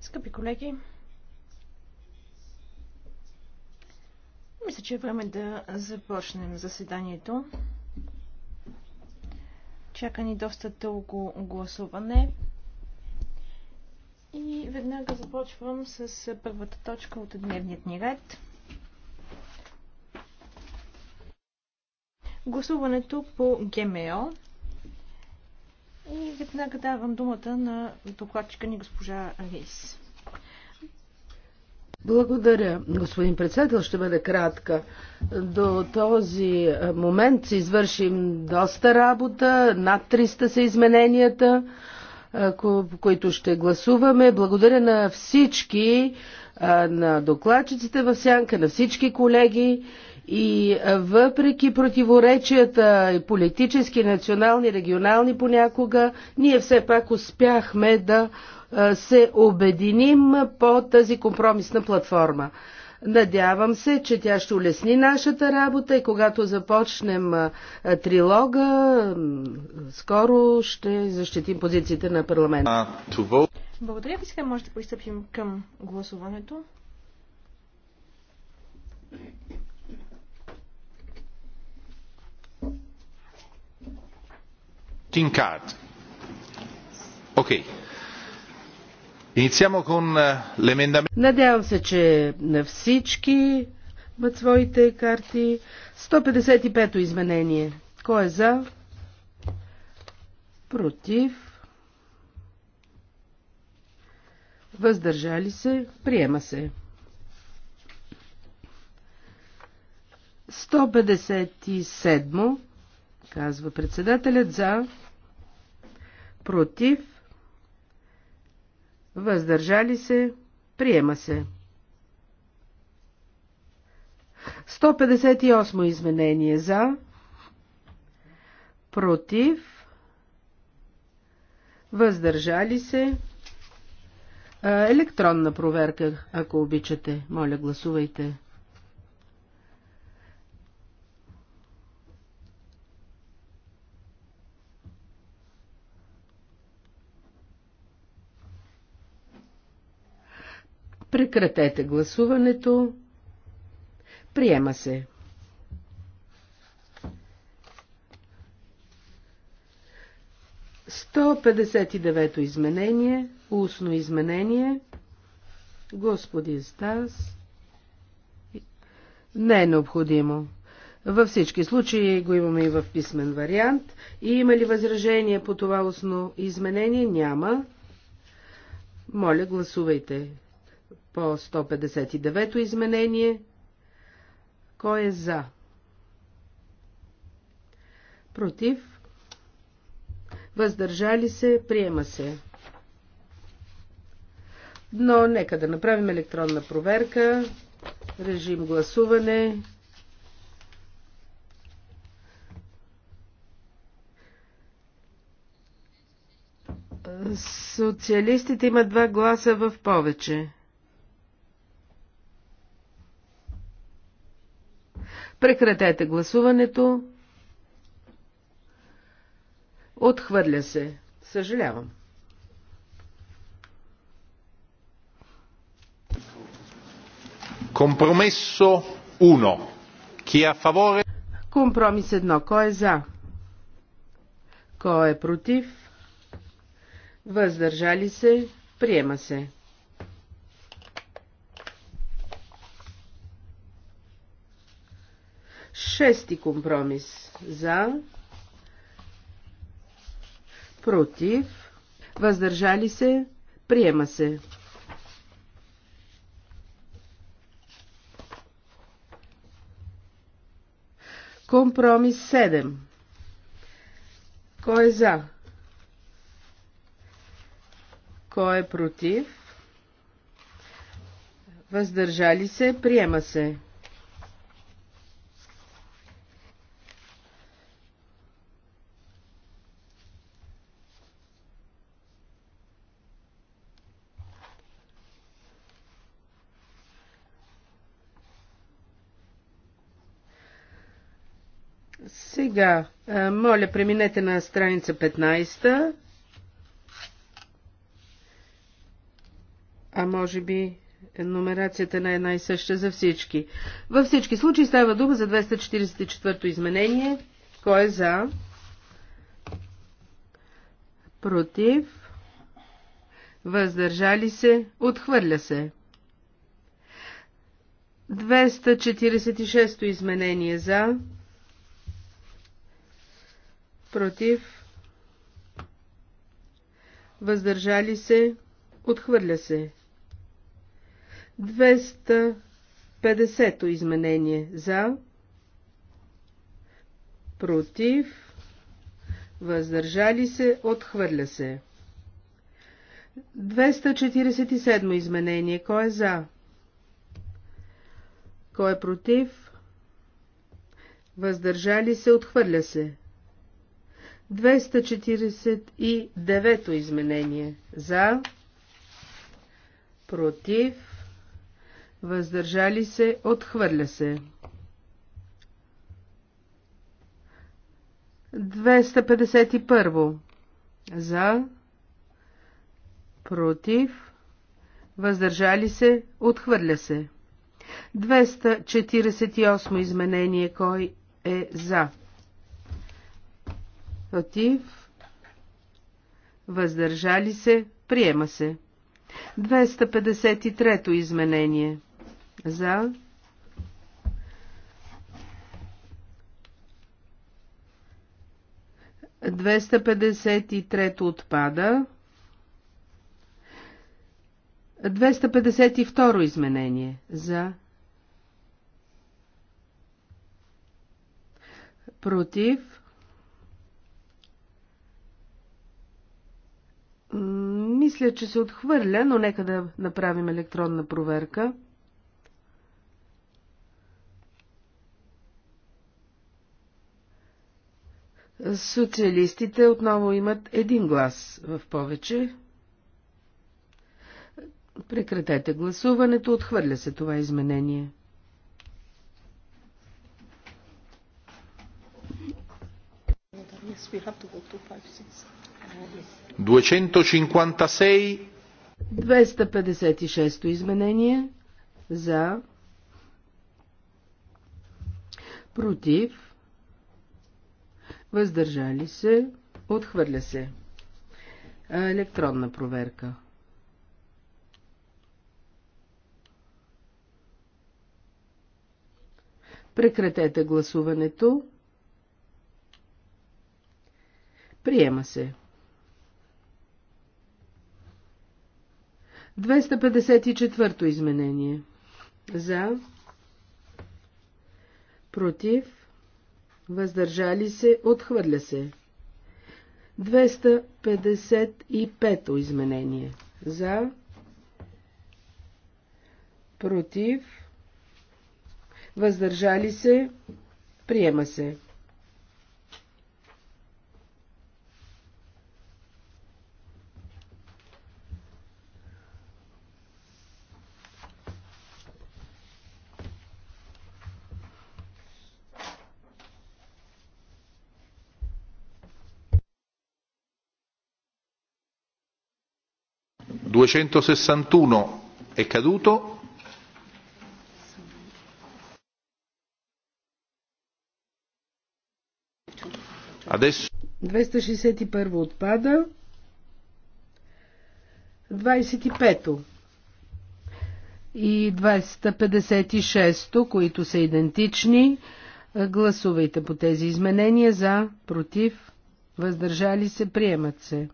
Скъпи колеги, мисля, че е време да започнем заседанието. Чака ни доста дълго гласуване. И веднага започвам с първата точка от дневният ни ред. Гласуването по ГМО и веднага давам думата на докладчика ни госпожа Рис. Благодаря, господин председател. Ще бъде кратка. До този момент се извършим доста работа. Над 300 са измененията, по които ще гласуваме. Благодаря на всички, на докладчиците в сянка, на всички колеги и въпреки противоречията и политически, национални, регионални понякога, ние все пак успяхме да се обединим по тази компромисна платформа. Надявам се, че тя ще улесни нашата работа и когато започнем трилога, скоро ще защитим позициите на парламента. Благодаря ви. Сега може да пристъпим към гласуването. team card. Okay. con eh, l'emendamento. Надявам се, че на всички имат своите карти. 155-то изменение. Кой е за? Против? Въздържали се? Приема се. 157 казва председателят за, против, въздържали се, приема се. 158 изменение за, против, въздържали се, е, електронна проверка, ако обичате, моля гласувайте. Прекратете гласуването. Приема се. Сто пятьдесят девето изменение, устно изменение, господин Стас, не е необходимо. Във всички случаи го имаме и в писмен вариант. И има ли възражение по това устно изменение? Няма. Моля, гласувайте по 159-то изменение. Кой е за? Против? Въздържали се? Приема се. Но нека да направим електронна проверка. Режим гласуване. Социалистите имат два гласа в повече. Прекратете гласуването. Отхвърля се. Съжалявам. Компромисо 1. Ки е фаворе? Компромис 1. Кой е за? Кой е против? Въздържали се? Приема се. Шести компромис за, против, въздържали се, приема се. Компромис 7. Кой е за? Кой е против? Въздържали се, приема се. Сега, моля, преминете на страница 15. А може би номерацията не е една и съща за всички. Във всички случаи става дума за 244-то изменение. Кой е за? Против? Въздържали се? Отхвърля се. 246-то изменение за? против, въздържали се, отхвърля се. 250-то изменение за, против, въздържали се, отхвърля се. 247 изменение. Кой е за? Кой е против? Въздържали се, отхвърля се. 249 изменение за, против, въздържали се, отхвърля се. 251 за, против, въздържали се, отхвърля се. 248 изменение кой е за, против, въздържали се, приема се. 253-то изменение. За. Двеста и трето отпада. 252 изменение за против Мисля, че се отхвърля, но нека да направим електронна проверка. Социалистите отново имат един глас в повече. Прекратете гласуването, отхвърля се това изменение. Yes, we have to go to five, six. 256. 256-то изменение за против въздържали се отхвърля се електронна проверка Прекратете гласуването. Приема се. 254 изменение. За, против, въздържали се, отхвърля се. 255 изменение. За, против, въздържали се, приема се. 261 è caduto Adesso... 261 отпада. 25 и 256, които са идентични. Гласувайте по тези изменения за, против, въздържали се, приемат се.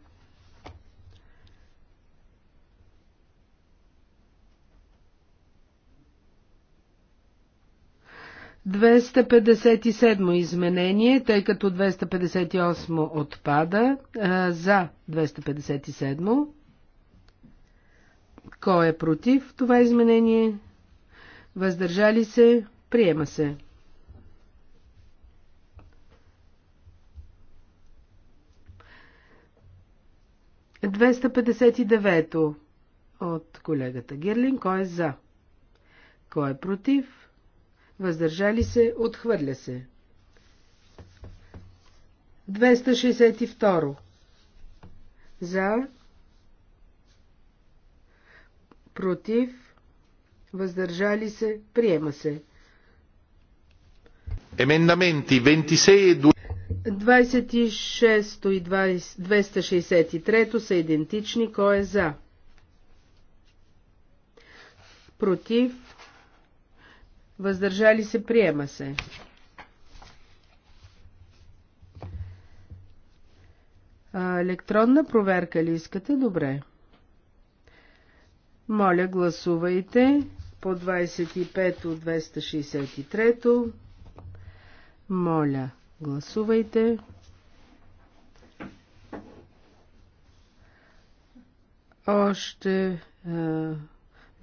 257 изменение, тъй като 258 отпада, а, за 257. Кой е против това изменение? Въздържали се? Приема се. Двеста от колегата Гирлин. Кой е за? Кой е против? въздържали се, отхвърля се. 262. За, против, въздържали се, приема се. Емендаменти 26 и 26 и 263 са идентични. Кой е за? Против, въздържали се, приема се. А, електронна проверка ли искате? Добре. Моля, гласувайте по 25 от 263. Моля, гласувайте. Още А...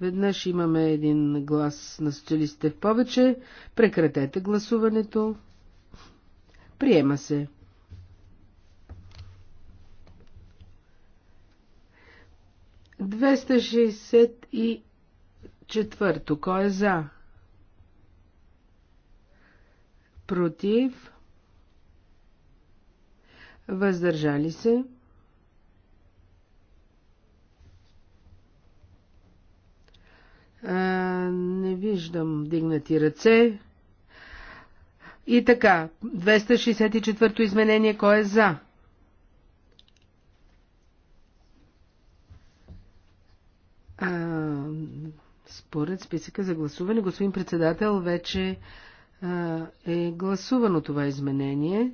Веднъж имаме един глас на социалистите в повече. Прекратете гласуването. Приема се. Двеста и четвърто. Кой е за? Против? Въздържали се? не виждам дигнати ръце. И така, 264-то изменение, кой е за? А, според списъка за гласуване, господин председател, вече а, е гласувано това изменение.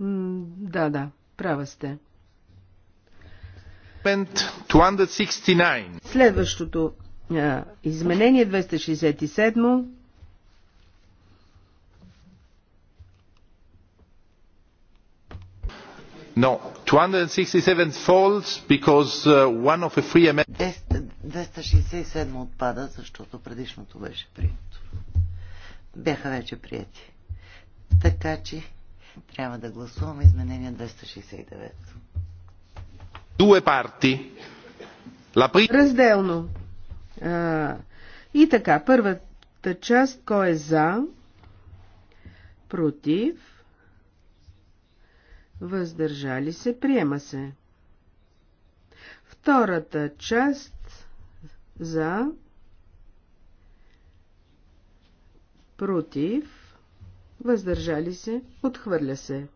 М да, да, права сте. Следващото а, изменение 267. No, 267 falls because uh, one of the free amendments... 267 отпада, защото предишното беше прието. Бяха вече прияти. Така че трябва да гласуваме изменение 269. Две парти. Разделно. А, и така, първата част, кой е за, против, въздържали се, приема се. Втората част, за, против, въздържали се, отхвърля се.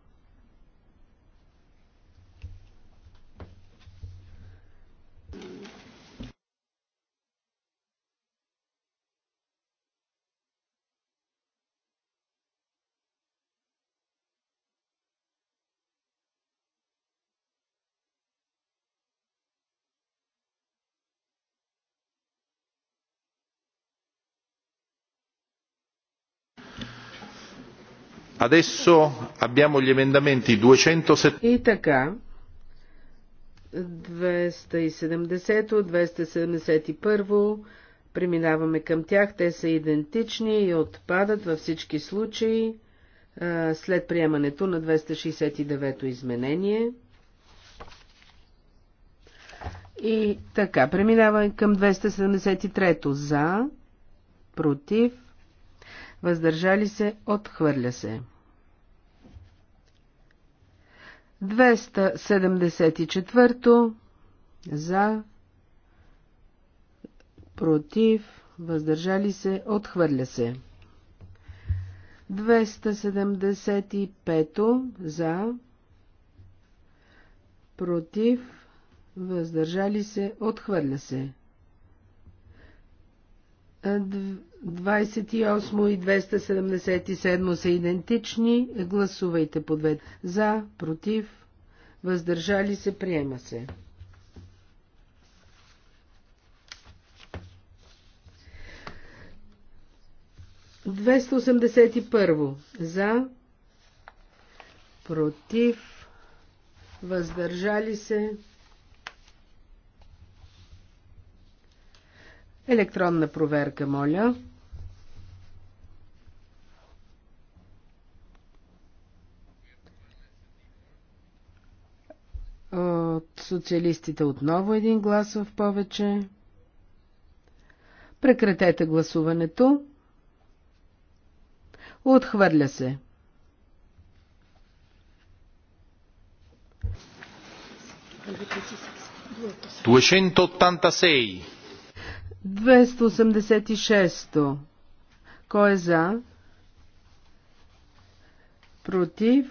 Adesso abbiamo gli emendamenti 270. И така, 270-271, преминаваме към тях, те са идентични и отпадат във всички случаи след приемането на 269-то изменение. И така, преминаваме към 273-то за, против, въздържали се, отхвърля се. 274 за, против, въздържали се, отхвърля се. 275 за, против, въздържали се, отхвърля се. 28 и 277 са идентични. Гласувайте по две. За, против, въздържали се, приема се. първо за, против, въздържали се. Електронна проверка, моля. От социалистите отново един глас в повече. Прекратете гласуването. Отхвърля се. тантасей. 286. Кой е за? Против?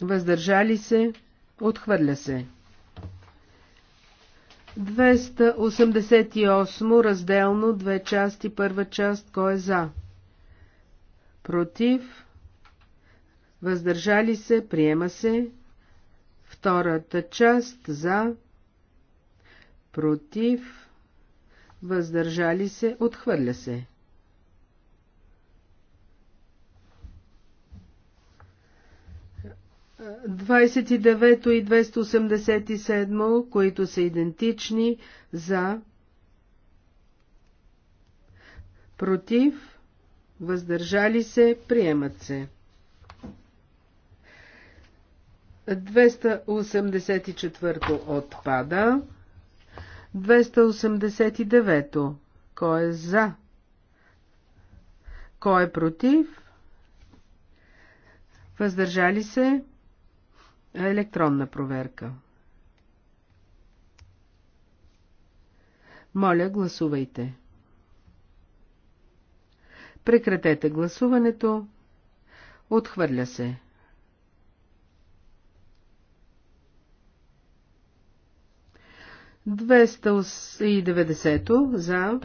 Въздържали се? Отхвърля се. 288 разделно, две части, първа част, кой е за? Против, въздържали се, приема се. Втората част, за, против, въздържали се, отхвърля се. 29 и 287, които са идентични за, против, въздържали се, приемат се. 284 отпада. 289. Кой е за? Кой е против? Въздържали се? Електронна проверка. Моля, гласувайте. Прекратете гласуването. Отхвърля се. Двеста и за,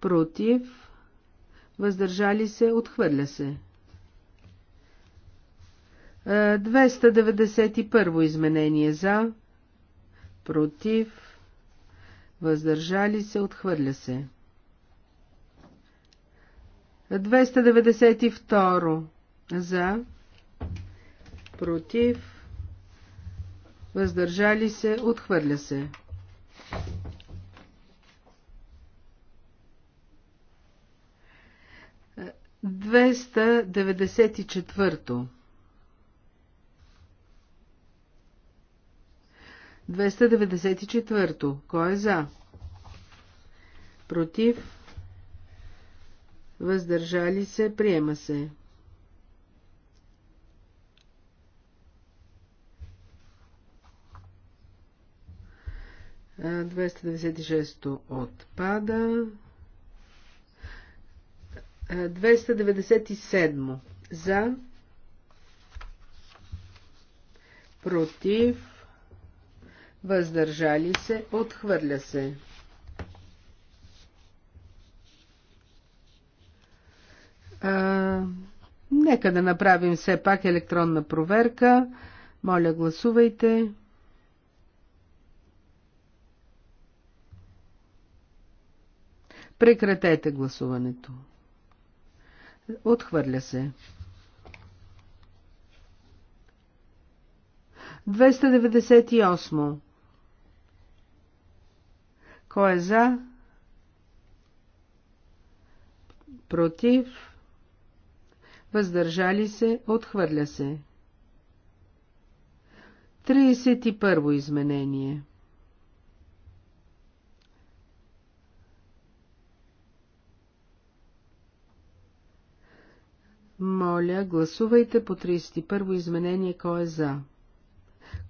против, въздържали се, отхвърля се. 291 изменение за, против, въздържали се, отхвърля се. 292 за, против, въздържали се, отхвърля се. 294 деветдесет 294. Кой е за? Против? Въздържали се? Приема се. Uh, 296 отпада. Uh, 297 за. Против въздържали се, отхвърля се. А, нека да направим все пак електронна проверка. Моля, гласувайте. Прекратете гласуването. Отхвърля се. 298. Кой е за? Против? Въздържали се? Отхвърля се. 31 изменение Моля, гласувайте по 31 изменение, кой е за.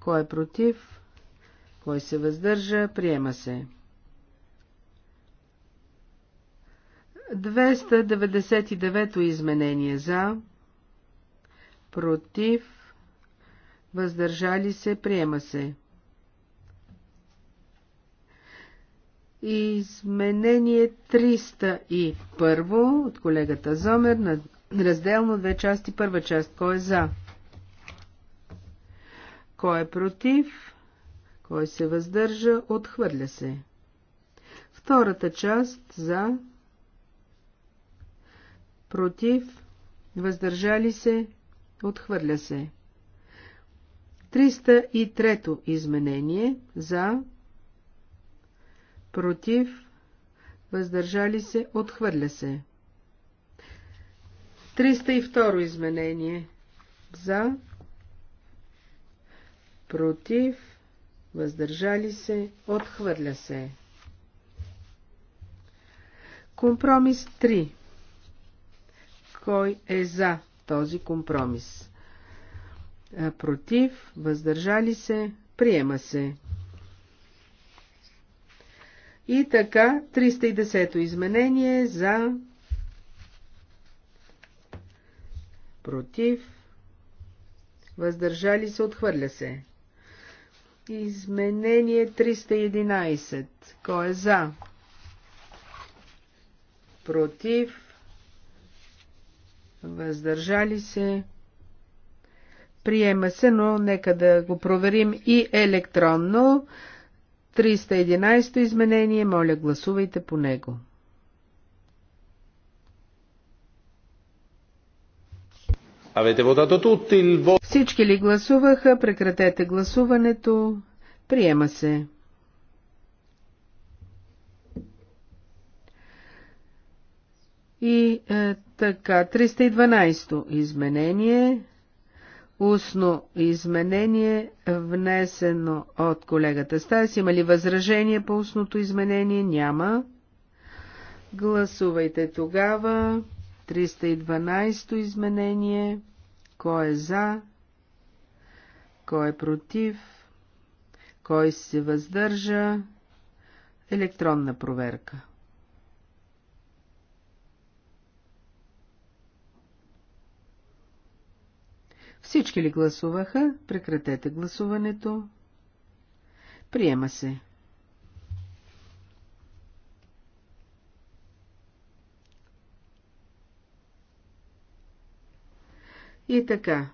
Кой е против? Кой се въздържа? Приема се. 299-то изменение за, против, въздържали се, приема се. Изменение 301 от колегата Зомер на разделно две части. Първа част. Кой е за? Кой е против? Кой се въздържа? Отхвърля се. Втората част за против, въздържали се, отхвърля се. 303 изменение за, против, въздържали се, отхвърля се. 302 изменение за, против, въздържали се, отхвърля се. Компромис 3 кой е за този компромис? Против, въздържали се, приема се. И така, 310-то изменение за против, въздържали се, отхвърля се. Изменение 311. Кой е за? Против, въздържали се, приема се, но нека да го проверим и електронно. 311 то изменение, моля гласувайте по него. Всички ли гласуваха? Прекратете гласуването. Приема се. И е, така, 312 изменение, устно изменение, внесено от колегата Стас. Има ли възражение по устното изменение? Няма. Гласувайте тогава. 312 изменение. Кой е за? Кой е против? Кой се въздържа? Електронна проверка. Всички ли гласуваха? Прекратете гласуването. Приема се. И така.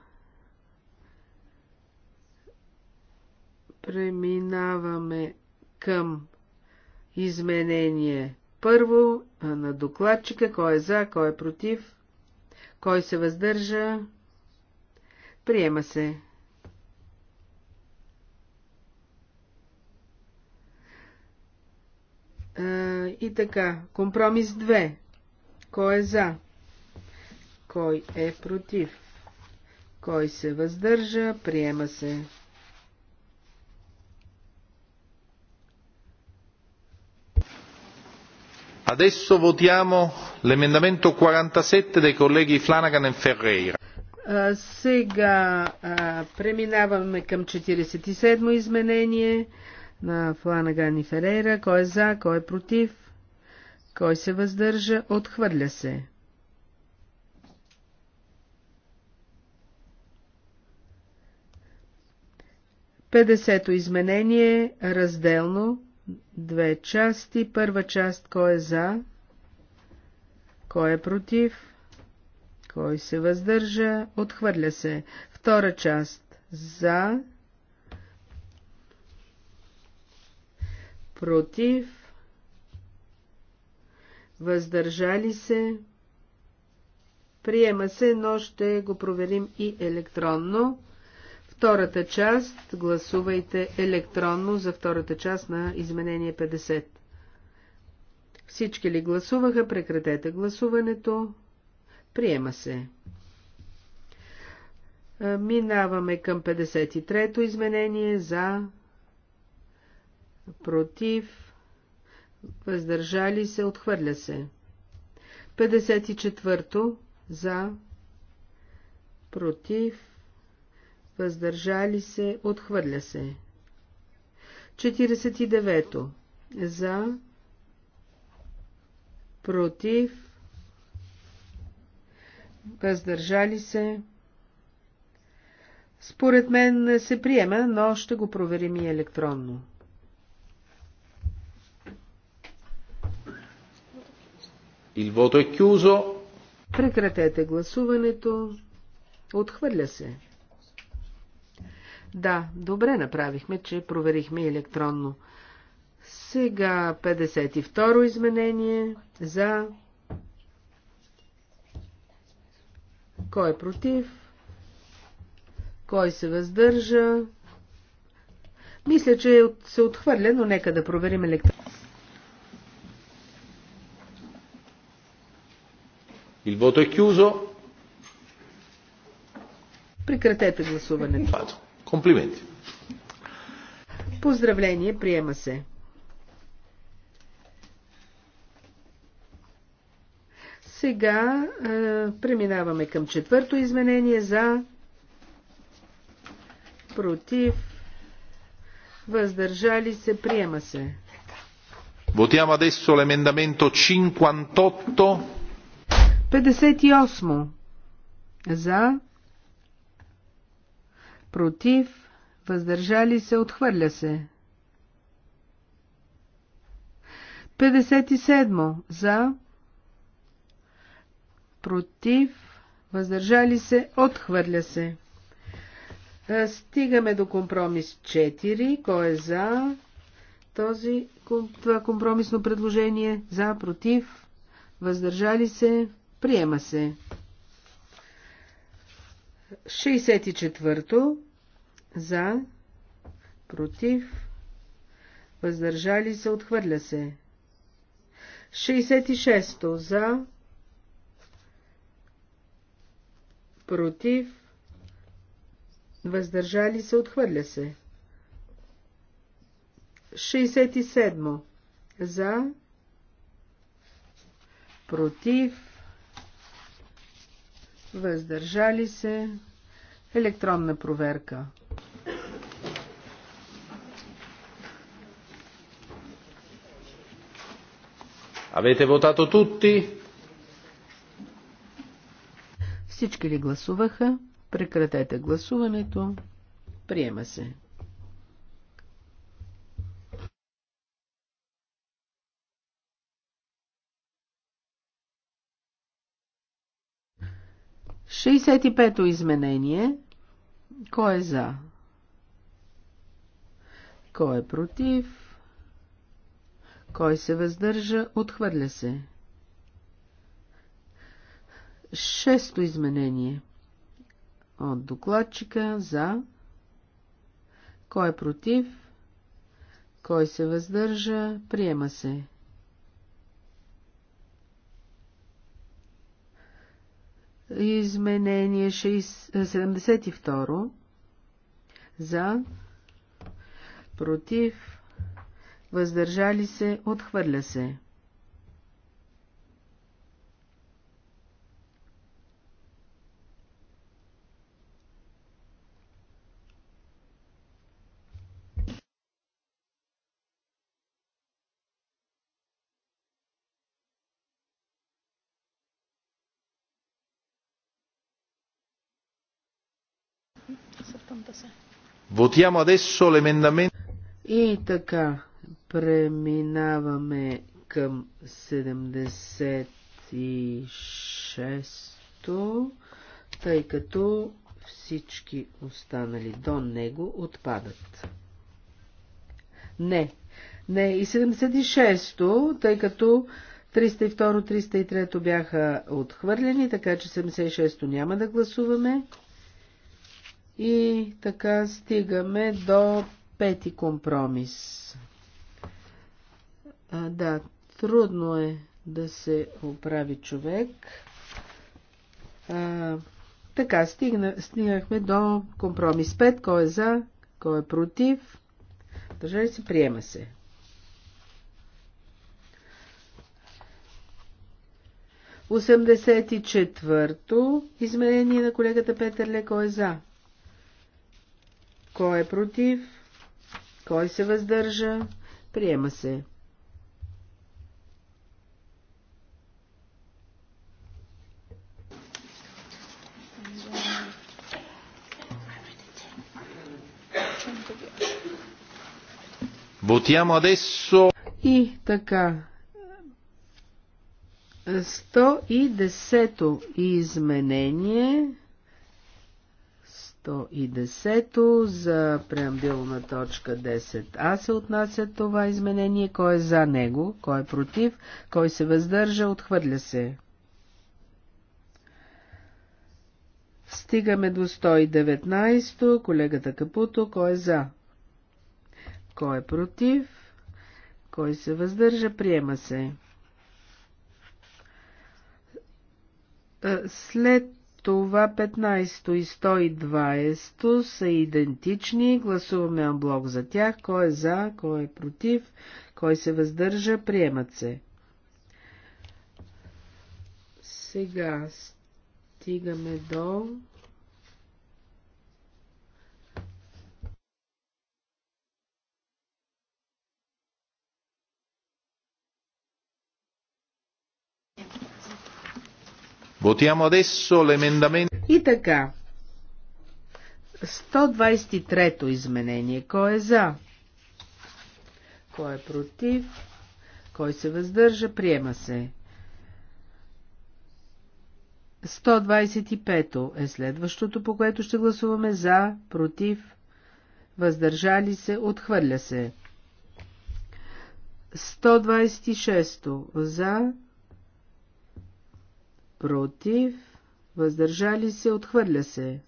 Преминаваме към изменение. Първо на докладчика, кой е за, кой е против, кой се въздържа, Приема се. и така, компромис 2. Кой е за? Кой е против? Кой се въздържа? Приема се. Adesso votiamo l'emendamento 47 dei colleghi Flanagan e Ferreira. Сега преминаваме към 47-мо изменение на Фланаган и Ферейра. Кой е за, кой е против, кой се въздържа, отхвърля се. Петдесето изменение, разделно, две части, първа част кой е за, кой е против, кой се въздържа? Отхвърля се. Втора част. За. Против. Въздържали се. Приема се, но ще го проверим и електронно. Втората част. Гласувайте електронно за втората част на изменение 50. Всички ли гласуваха? Прекратете гласуването. Приема се. Минаваме към 53-то изменение за против, въздържали се, отхвърля се. 54-то за против, въздържали се, отхвърля се. 49-то за против, въздържали се. Според мен се приема, но ще го проверим и електронно. Il voto è chiuso. Прекратете гласуването. Отхвърля се. Да, добре направихме, че проверихме електронно. Сега 52-ро изменение за Кой е против? Кой се въздържа? Мисля, че се отхвърля, но нека да проверим електрон. Il voto è chiuso. Прекратете гласуването. Поздравление, приема се. Сега а, преминаваме към четвърто изменение за против въздържали се приема се. Votiamo adesso l'emendamento 58. 58. За. Против. Въздържали се. Отхвърля се. 57. За против, въздържали се, отхвърля се. Е, стигаме до компромис 4. Кой е за този, това компромисно предложение? За, против, въздържали се, приема се. 64. За, против, въздържали се, отхвърля се. 66. За, против, въздържали се, отхвърля се. 67. За, против, въздържали се, електронна проверка. Avete votato tutti? Всички ли гласуваха? Прекратете гласуването. Приема се. Шейсет и пето изменение. Кой е за? Кой е против? Кой се въздържа? Отхвърля се. Шесто изменение от докладчика за кой е против, кой се въздържа, приема се. Изменение 72 е, за против, въздържали се, отхвърля се. Votiamo adesso l'emendamento. И така, преминаваме към 76-то, тъй като всички останали до него отпадат. Не, не, и 76-то, тъй като 302-303 бяха отхвърлени, така че 76-то няма да гласуваме. И така стигаме до пети компромис. А, да, трудно е да се оправи човек. А, така, стигна, стигнахме до компромис 5. Кой е за, кой е против. ли се, приема се. Осемдесет и четвърто изменение на колегата Петър Леко е за. Кой е против? Кой се въздържа? Приема се. Votiamo адесо. И така. 110-то изменение 110 за преамбилна точка 10а се отнася това изменение. Кой е за него? Кой е против? Кой се въздържа? Отхвърля се. Стигаме до 119. Колегата Капуто. Кой е за? Кой е против? Кой се въздържа? Приема се. След това 15 и 120 са идентични. Гласуваме блок за тях. Кой е за, кой е против, кой се въздържа, приемат се. Сега стигаме до И така. 123-то изменение. Кой е за? Кой е против? Кой се въздържа? Приема се. 125-то е следващото, по което ще гласуваме за, против, въздържали се, отхвърля се. 126-то за, против, въздържали се, отхвърля се.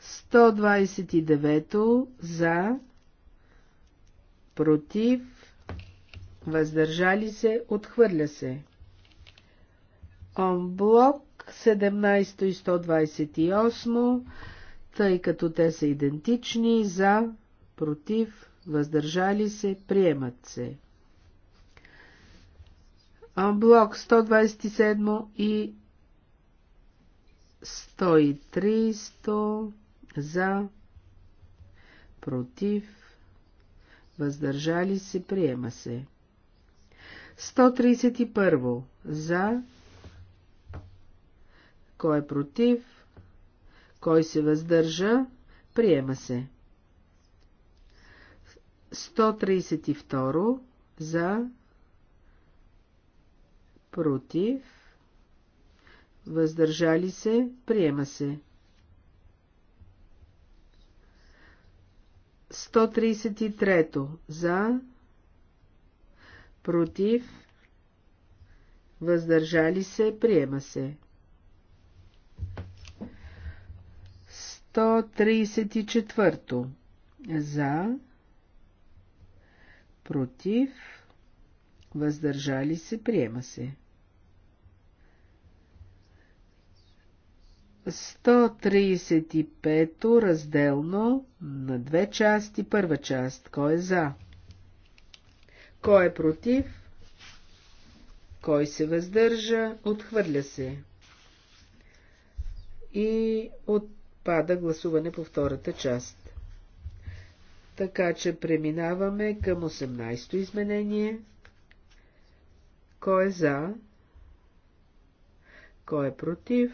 129 за, против, въздържали се, отхвърля се. Онблок 17 и 128, тъй като те са идентични, за, против, въздържали се, приемат се. Блок 127 и 130 за, против, въздържали се, приема се. 131 за, кой е против, кой се въздържа, приема се. 132 за, против, въздържали се, приема се. 133. За, против, въздържали се, приема се. 134. За, против, въздържали се, приема се. 135 то разделно на две части, първа част. Кой е за? Кой е против? Кой се въздържа? Отхвърля се. И отпада гласуване по втората част. Така че преминаваме към 18-то изменение. Кой е за? Кой е против?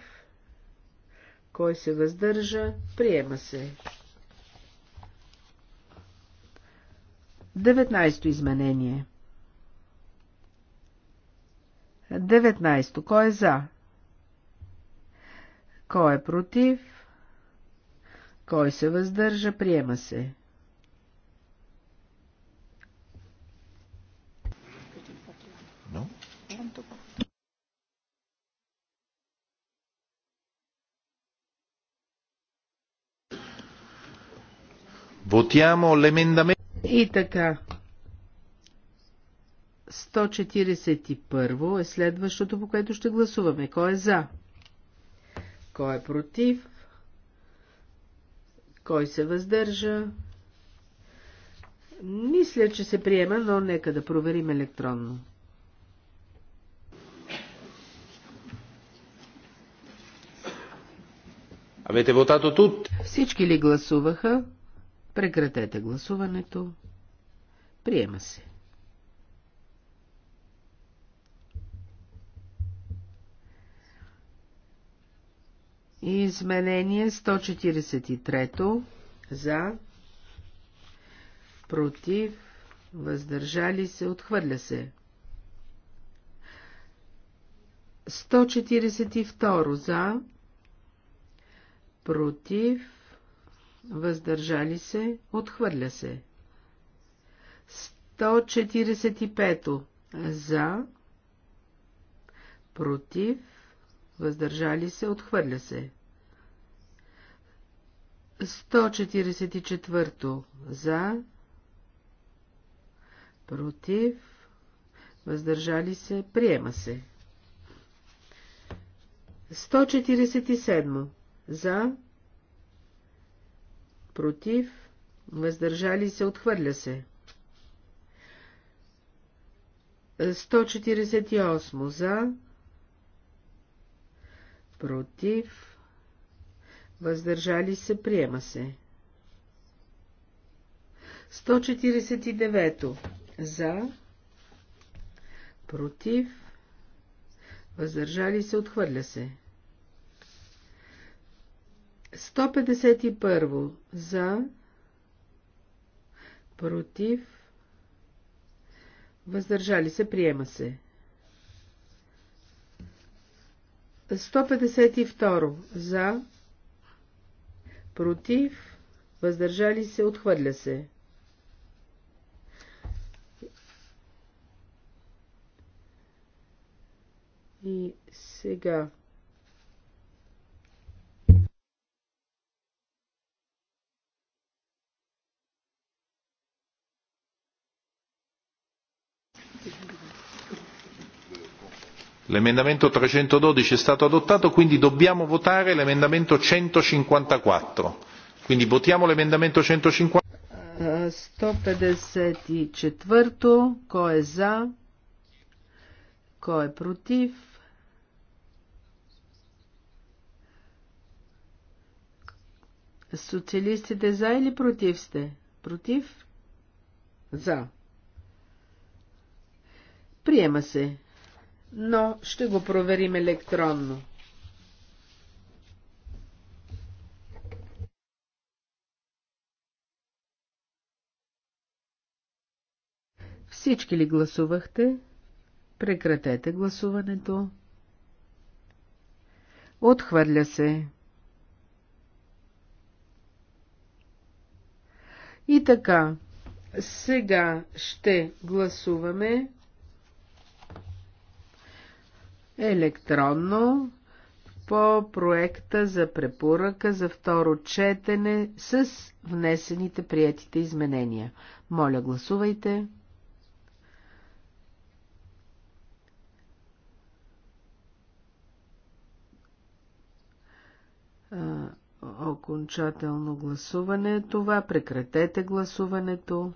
Кой се въздържа? Приема се. 19 то изменение. 19. то Кой е за? Кой е против? Кой се въздържа? Приема се. Votiamo l'emendamento. И така. 141 е следващото, по което ще гласуваме. Кой е за? Кой е против? Кой се въздържа? Мисля, че се приема, но нека да проверим електронно. Всички ли гласуваха? Прекратете гласуването. Приема се. Изменение 143 за против въздържали се отхвърля се. 142 за против въздържали се, отхвърля се. 145 за, против, въздържали се, отхвърля се. 144 за, против, въздържали се, приема се. 147 за, против, въздържали се, отхвърля се. 148 за, против, въздържали се, приема се. 149 за, против, въздържали се, отхвърля се. 151 за, против, въздържали се, приема се. 152 за, против, въздържали се, отхвърля се. И сега L'emendamento 312 è stato adottato, quindi dobbiamo votare l'emendamento 154. Quindi votiamo l'emendamento 154. 154, co è za, co socialisti de za ili protiv ste? Protiv? Za. Приема se но ще го проверим електронно. Всички ли гласувахте? Прекратете гласуването. Отхвърля се. И така, сега ще гласуваме електронно по проекта за препоръка за второ четене с внесените приятите изменения. Моля, гласувайте. окончателно гласуване. Е това прекратете гласуването.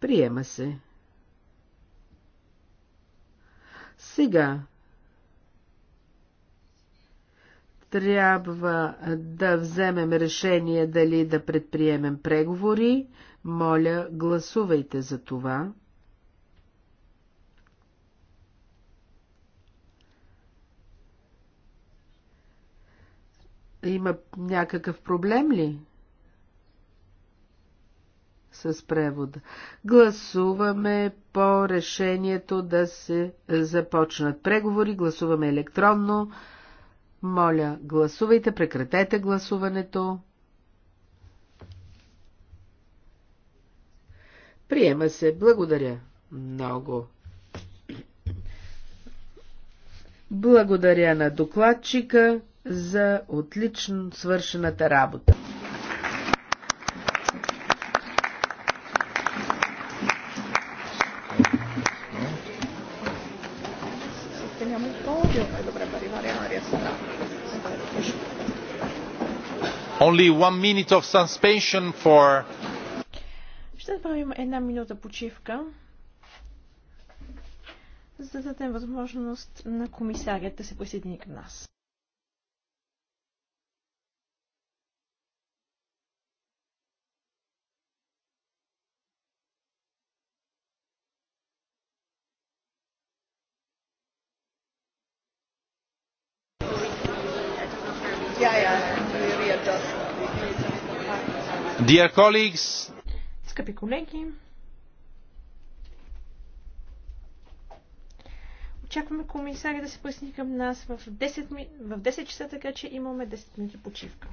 Приема се. Сега трябва да вземем решение дали да предприемем преговори. Моля, гласувайте за това. Има някакъв проблем ли? с превода. Гласуваме по решението да се започнат преговори. Гласуваме електронно. Моля, гласувайте, прекратете гласуването. Приема се. Благодаря. Много. Благодаря на докладчика за отлично свършената работа. Only one minute of suspension for... Ще направим една минута почивка, за да дадем възможност на комисарят да се присъедини към нас. Yeah, yeah. Dear colleagues, Скъпи колеги, очакваме комисаря да се присъедини към нас в 10, в 10 часа, така че имаме 10 минути почивка.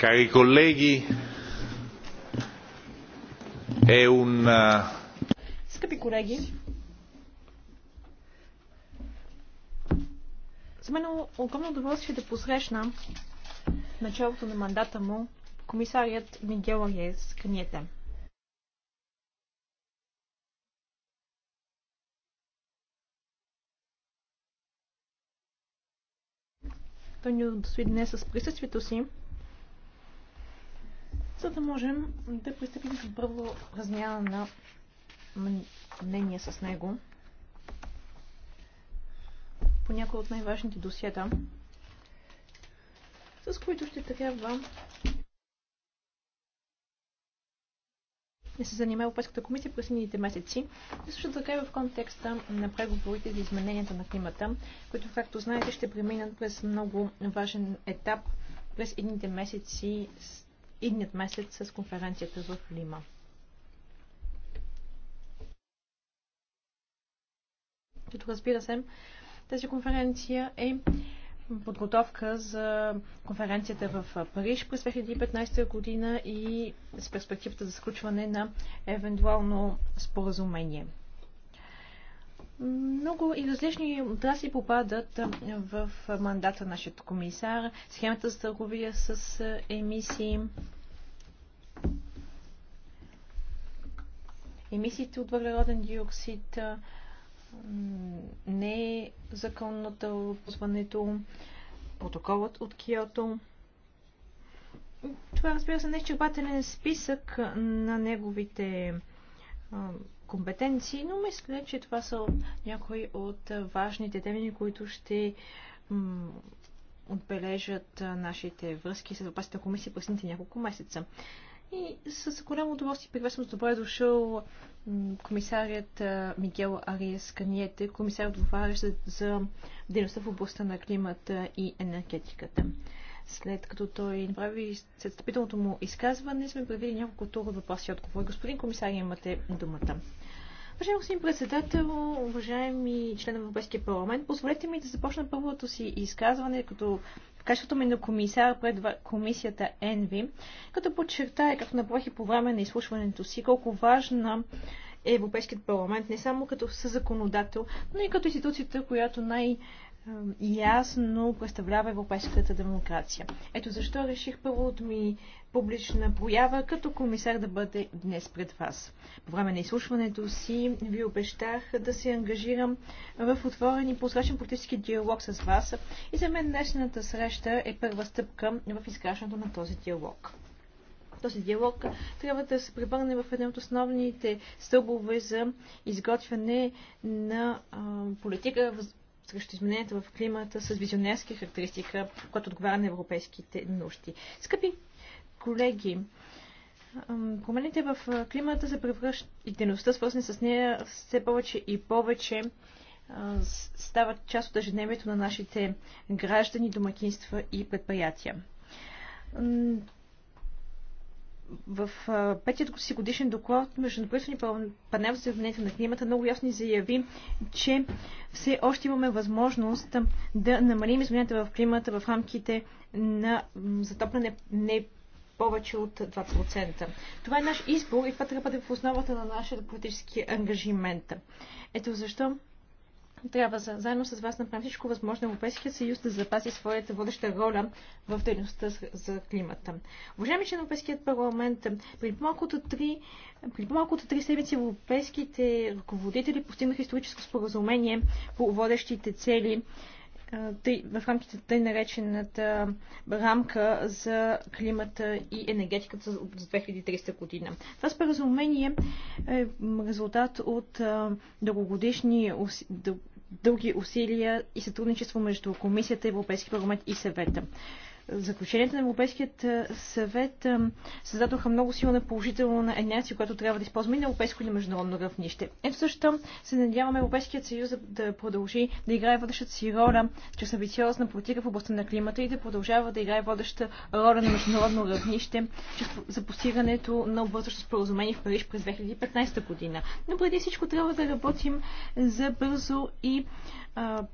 Cari colleghi, è un. Eh, Скъпи колеги, за мен е огромно удоволствие да посрещна началото на мандата му комисарият Мигел Ариес Каниете. Той ни удостои днес с присъствието си за да можем да пристъпим към първо размяна на мнение с него по някои от най-важните досиета, с които ще трябва да се занимава Европейската комисия през следните месеци. И също така и в контекста на преговорите за измененията на климата, които, както знаете, ще преминат през много важен етап през едните месеци идният месец с конференцията в Лима. Като разбира се, тази конференция е подготовка за конференцията в Париж през 2015 година и с перспективата за сключване на евентуално споразумение. Много и различни отрасли попадат в мандата на нашия комисар. Схемата за търговия с емисии, емисиите от въглероден диоксид, не е законното опозването, протоколът от Киото. Това, разбира се, не е изчерпателен списък на неговите компетенции, но мисля, че това са някои от важните теми, които ще отбележат нашите връзки с на комисия през няколко месеца. И с голямо удоволствие приветствам с добре дошъл комисарият Мигел Ариес Каниете, комисар отговарящ за дейността в областта на климата и енергетиката. След като той направи след стъпителното му изказване, сме предвидили няколко тура въпроси и отговори. Господин комисар, имате думата. Уважаеми господин председател, уважаеми член на Европейския парламент, позволете ми да започна първото си изказване като в качеството ми на комисар пред комисията ЕНВИ, като подчертая, както направих и по време на изслушването си, колко важна е Европейският парламент не само като съзаконодател, но и като институцията, която най- ясно представлява европейската демокрация. Ето защо реших първото ми публична проява като комисар да бъде днес пред вас. По време на изслушването си ви обещах да се ангажирам в отворен и прозрачен политически диалог с вас и за мен днешната среща е първа стъпка в изграждането на този диалог този диалог трябва да се превърне в един от основните стълбове за изготвяне на политика срещу измененията в климата с визионерски характеристика, която отговаря на европейските нужди. Скъпи колеги, промените в климата се превръщат и дейността, свързани с нея, все повече и повече стават част от ежедневието на нашите граждани, домакинства и предприятия в петият си годишен доклад между правителствени панел за изменението на климата много ясно ни заяви, че все още имаме възможност да намалим измененията в климата в рамките на затопляне не повече от 2%. Това е наш избор и това трябва да е в основата на нашия политически ангажимент. Ето защо трябва заедно с вас направим всичко възможно Европейския съюз да запази своята водеща роля в дейността за климата. Уважаеми че на Европейският парламент, при по-малко три седмици европейските ръководители постигнаха историческо споразумение по водещите цели в рамките на тъй наречената рамка за климата и енергетиката за 2300 година. Това споразумение е резултат от дългогодишни дълги усилия и сътрудничество между Комисията, Европейски парламент и съвета. Заключенията на Европейският съвет създадоха много силна положителна енерция, която трябва да използваме и на европейско и на международно равнище. Ето също се надяваме Европейският съюз да продължи да играе водещата си роля чрез амбициозна политика в областта на климата и да продължава да играе водеща роля на международно равнище за постигането на обвързващо споразумение в Париж през 2015 година. Но преди всичко трябва да работим за бързо и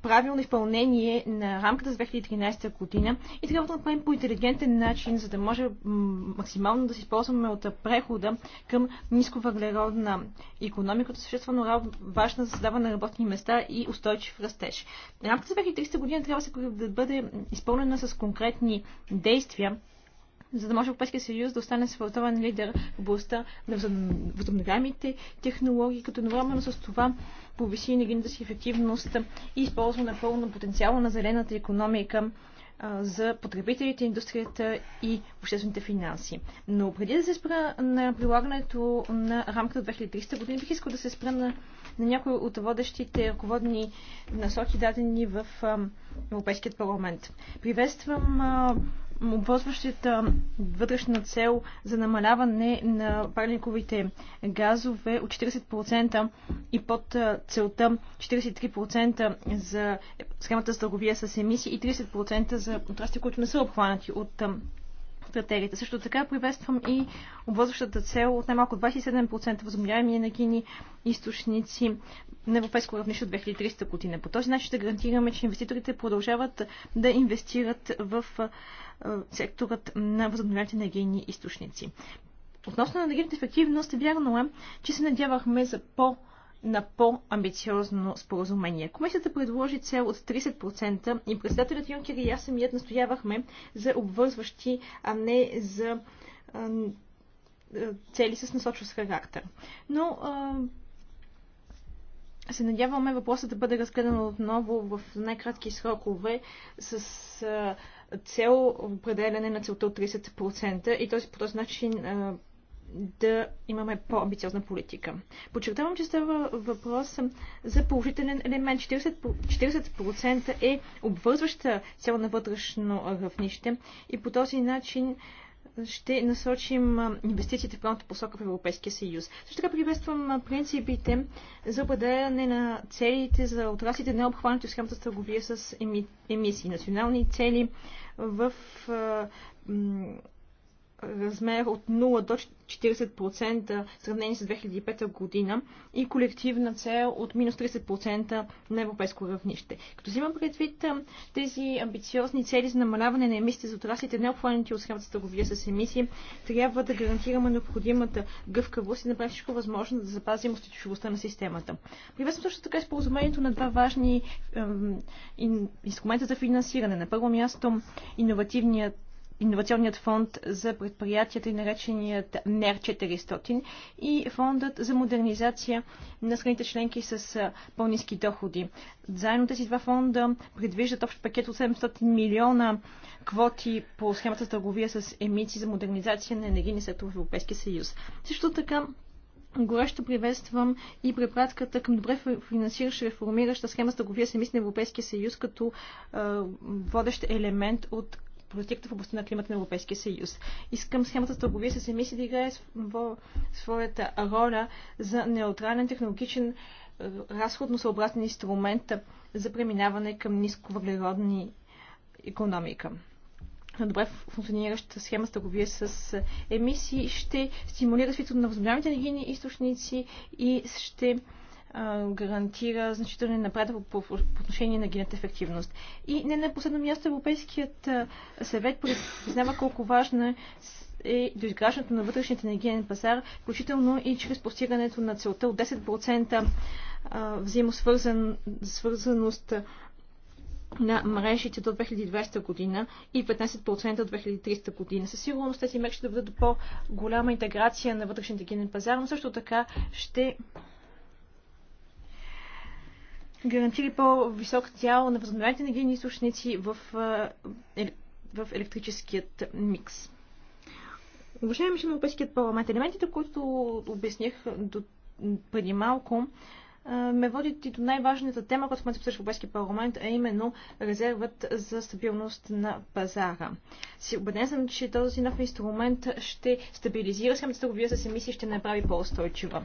правилно изпълнение на рамката за 2013 година и трябва да направим по интелигентен начин, за да може максимално да се използваме от прехода към нисковъглеродна економика, като съществено важна за създаване на работни места и устойчив растеж. Рамката за 2030 година трябва да бъде изпълнена с конкретни действия, за да може Европейския съюз да остане световен лидер в областта на възобновяемите технологии, като едновременно с това повиси енергийната си ефективност и използва напълно потенциала на зелената економика за потребителите, индустрията и обществените финанси. Но преди да се спра на прилагането на рамката от 2300 години, бих искал да се спра на, на някои от водещите ръководни насоки, дадени в Европейският парламент. Приветствам обвързващата вътрешна цел за намаляване на парниковите газове от 40% и под целта 43% за схемата с търговия с емисии и 30% за отрасти, които не са обхванати от стратегията. Също така приветствам и обвързващата цел от най-малко 27% възобновяеми енергийни източници на европейско равнище от 2300 година. По този начин ще гарантираме, че инвеститорите продължават да инвестират в секторът на възобновяемите енергийни източници. Относно на енергийната ефективност, вярно е, че се надявахме за по- на по-амбициозно споразумение. Комисията предложи цел от 30% и председателят Юнкер и аз самият настоявахме за обвързващи, а не за а, цели с насочващ характер. Но а, се надяваме въпросът да бъде разгледан отново в най-кратки срокове с а, цел определяне на целта от 30% и този по този начин да имаме по-амбициозна политика. Подчертавам, че става въпрос за положителен елемент. 40%, 40% е обвързваща цел на вътрешно равнище и по този начин ще насочим инвестициите в главната посока в Европейския съюз. Също така приветствам принципите за определяне на целите за отраслите на обхванати в схемата търговия с емисии, национални цели в размер от 0 до 40% в сравнение с 2005 година и колективна цел от минус 30% на европейско равнище. Като си предвид тези амбициозни цели за намаляване на емисиите за отраслите, не от схемата търговия с емисии, трябва да гарантираме необходимата гъвкавост и да направим всичко възможно да запазим устойчивостта на системата. Привесвам също така споразумението на два важни инструмента за финансиране. На първо място, иновативният Инновационният фонд за предприятията и нареченият НЕР 400 и фондът за модернизация на страните членки с по-низки доходи. Заедно тези два фонда предвиждат общ пакет от 700 милиона квоти по схемата за търговия с емисии за модернизация на енергийни сектор в Европейския съюз. Също така Горещо приветствам и препратката към добре финансираща реформираща схема с търговия с емисии на Европейския съюз като е, водещ елемент от политиката в областта на климата на Европейския съюз. Искам схемата с търговия с емисии да играе в своята роля за неутрален технологичен э, разходно съобразен инструмент за преминаване към нисковъглеродни економика на добре функционираща схема с търговия с э, емисии ще стимулира свито на възобновяемите енергийни източници и ще гарантира значителен напредък по, по, по отношение на генната ефективност. И не на последно място Европейският съвет признава колко важна е, е до на вътрешния енергиен пазар, включително и чрез постигането на целта от 10% взаимосвързаност на мрежите до 2020 година и 15% от 2300 година. Със сигурност тези мерки ще доведат до по-голяма интеграция на вътрешния енергиен пазар, но също така ще Гарантира по-висок дял на възобновяемите енергийни източници в, е, в електрическият микс. Уважаеми на Европейският парламент, елементите, които обясних до, преди малко, ме водят и до най-важната тема, която сме обсъждали в Европейския парламент, а е именно резервът за стабилност на пазара. Си убеден съм, че този нов инструмент ще стабилизира схемата търговия с емисии и ще направи по-устойчива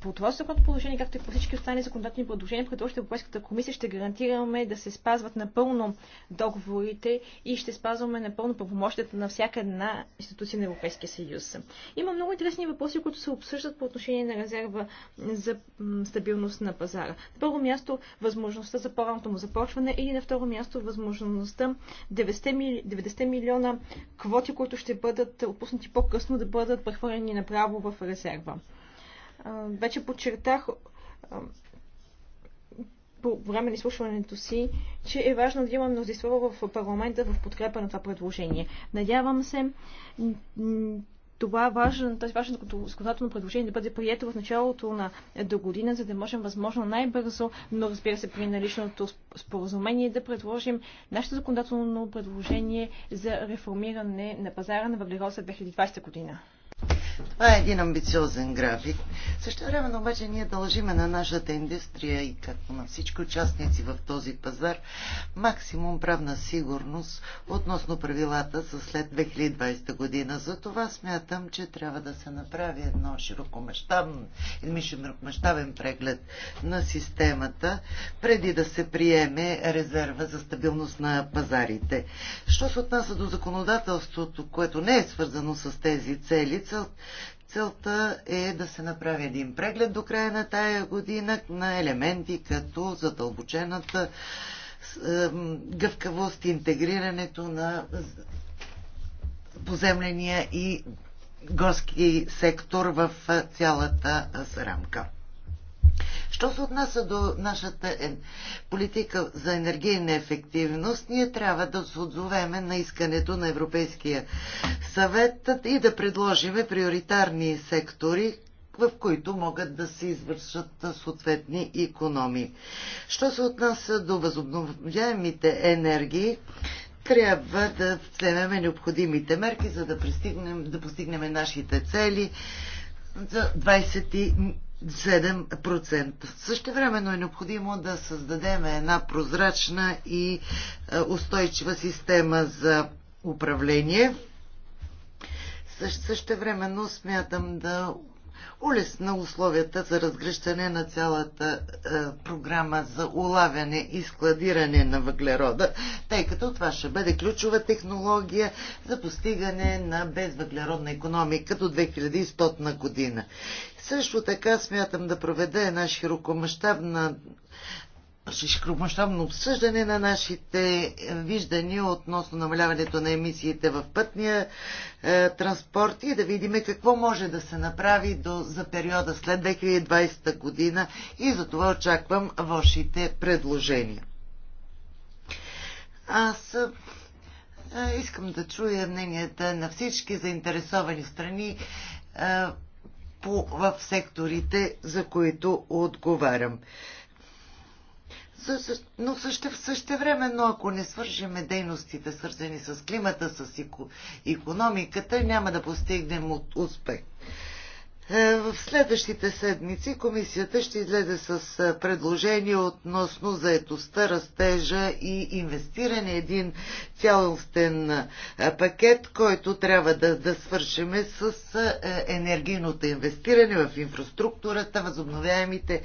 по това законно положение, както и по всички останали законодателни предложения, още Европейската комисия, ще гарантираме да се спазват напълно договорите и ще спазваме напълно правомощията на всяка една институция на Европейския съюз. Има много интересни въпроси, които се обсъждат по отношение на резерва за стабилност на пазара. На първо място възможността за по раното му започване или на второ място възможността 90, мили... 90 милиона квоти, които ще бъдат опуснати по-късно, да бъдат прехвърлени направо в резерва вече подчертах по време на изслушването си, че е важно да има мнозинство в парламента в подкрепа на това предложение. Надявам се това важен, тази важен законодателно предложение да бъде прието в началото на е, до година, за да можем възможно най-бързо, но разбира се при наличното споразумение, да предложим нашето законодателно предложение за реформиране на пазара на въглерод 2020 година. Това е един амбициозен график. Също време, обаче, ние дължиме на нашата индустрия и както на всички участници в този пазар максимум правна сигурност относно правилата за след 2020 година. За това смятам, че трябва да се направи едно широкомащабен, един преглед на системата, преди да се приеме резерва за стабилност на пазарите. Що се отнася до законодателството, което не е свързано с тези цели, цел, Целта е да се направи един преглед до края на тая година на елементи като задълбочената гъвкавост, интегрирането на поземления и горски сектор в е, цялата е, рамка. Що се отнася до нашата е, политика за енергийна ефективност, ние трябва да се отзовеме на искането на Европейския съвет и да предложиме приоритарни сектори, в които могат да се извършат съответни економии. Що се отнася до възобновяемите енергии, трябва да вземем необходимите мерки, за да, да постигнем нашите цели за 20 7%. Също времено е необходимо да създадем една прозрачна и е, устойчива система за управление. Също времено смятам да улесна условията за разгръщане на цялата е, програма за улавяне и складиране на въглерода, тъй като това ще бъде ключова технология за постигане на безвъглеродна економика до 2100 година. Също така смятам да проведа една широкомащабна широкомащабно обсъждане на нашите е, виждания относно намаляването на емисиите в пътния е, транспорт и да видим какво може да се направи до, за периода след 2020 година и за това очаквам вашите предложения. Аз е, е, искам да чуя мненията на всички заинтересовани страни е, по, в секторите, за които отговарям. Е, но също, но ако не свършиме дейностите, свързани с климата, с економиката, няма да постигнем успех. Е, в следващите седмици комисията ще излезе с е, предложение относно заетостта, растежа и инвестиране. Един цялостен е, пакет, който трябва да, да свършиме с енергийното инвестиране в инфраструктурата, възобновяемите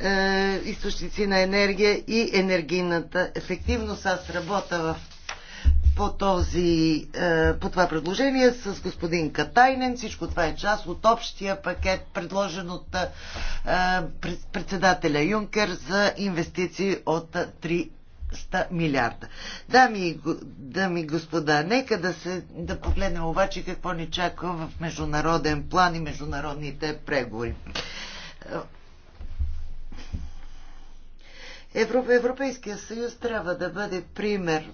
е, източници на енергия и енергийната ефективност. Аз работя в по, този, е, по това предложение с господин Катайнен. Всичко това е част от общия пакет, предложен от е, председателя Юнкер за инвестиции от 300 милиарда. Дами, дами и господа, нека да, се, да погледнем обаче какво ни чака в международен план и международните преговори. Европейския съюз трябва да бъде пример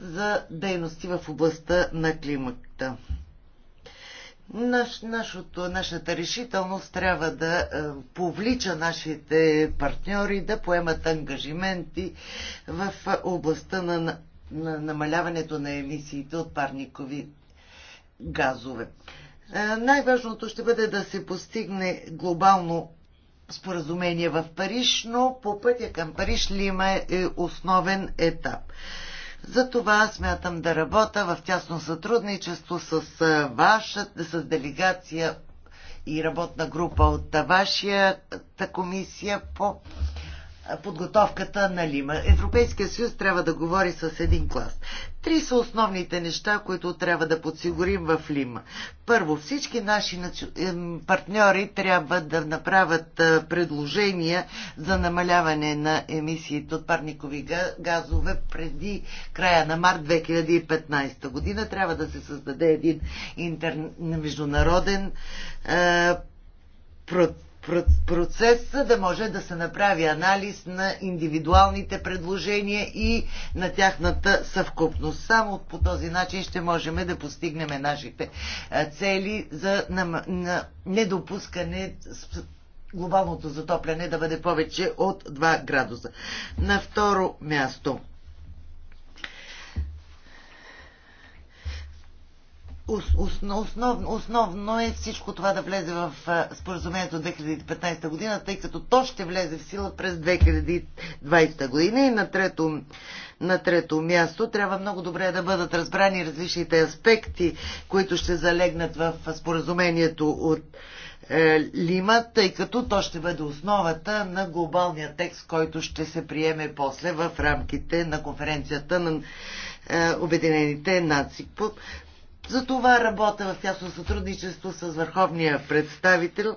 за дейности в областта на климата. Наш, нашото, нашата решителност трябва да е, повлича нашите партньори да поемат ангажименти в областта на, на, на намаляването на емисиите от парникови газове. Е, най-важното ще бъде да се постигне глобално споразумение в Париж, но по пътя към Париж Лима е основен етап. Затова смятам да работя в тясно сътрудничество с вашата, с делегация и работна група от вашата комисия по подготовката на Лима. Европейския съюз трябва да говори с един клас. Три са основните неща, които трябва да подсигурим в Лима. Първо, всички наши партньори трябва да направят е, предложения за намаляване на емисиите от парникови газове преди края на март 2015 година. Трябва да се създаде един интер... международен е, Процеса да може да се направи анализ на индивидуалните предложения и на тяхната съвкупност. Само по този начин ще можем да постигнем нашите е, цели за недопускане глобалното затопляне да бъде повече от 2 градуса. На второ място – Основно, основно, основно е всичко това да влезе в споразумението 2015 година, тъй като то ще влезе в сила през 2020 година и на трето, на трето място трябва много добре да бъдат разбрани различните аспекти, които ще залегнат в споразумението от е, Лима, тъй като то ще бъде основата на глобалния текст, който ще се приеме после в рамките на конференцията на е, Обединените нации. За това работя в тясно сътрудничество с върховния представител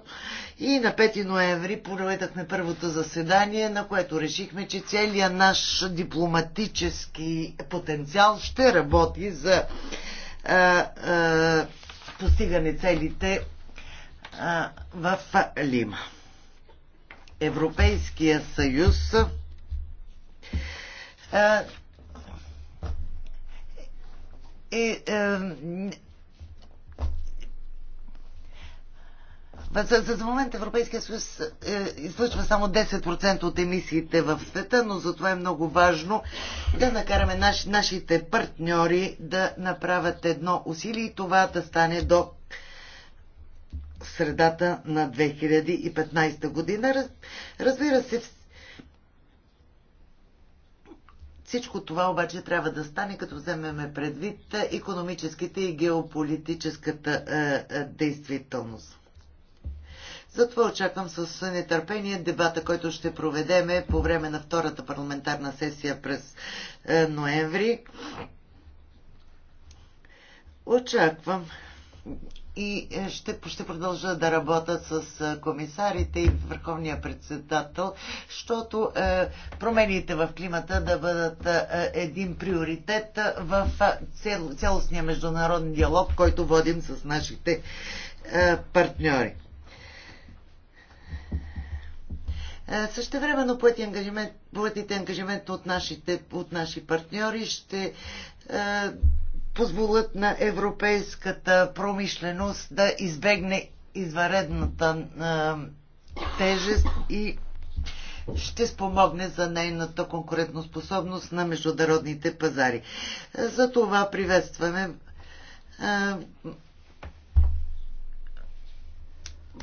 и на 5 ноември проведахме първото заседание, на което решихме, че целият наш дипломатически потенциал ще работи за а, а, постигане целите а, в Лима. Европейския съюз е, е За, за, за момент Европейския съюз е, излъчва само 10% от емисиите в света, но затова е много важно да накараме наш, нашите партньори да направят едно усилие и това да стане до средата на 2015 година. Разбира се, Всичко това обаче трябва да стане, като вземеме предвид економическите и геополитическата е, е, действителност. Затова очаквам с нетърпение дебата, който ще проведеме по време на втората парламентарна сесия през е, ноември. Очаквам и е, ще, ще продължа да работя с е, комисарите и върховния председател, защото е, промените в климата да бъдат е, един приоритет в е, цял, цялостния международен диалог, който водим с нашите е, партньори. времено поети ангажимент, поетите ангажимент от, нашите, от наши партньори ще позволят на европейската промишленост да избегне изваредната тежест и ще спомогне за нейната конкурентоспособност на международните пазари. За това приветстваме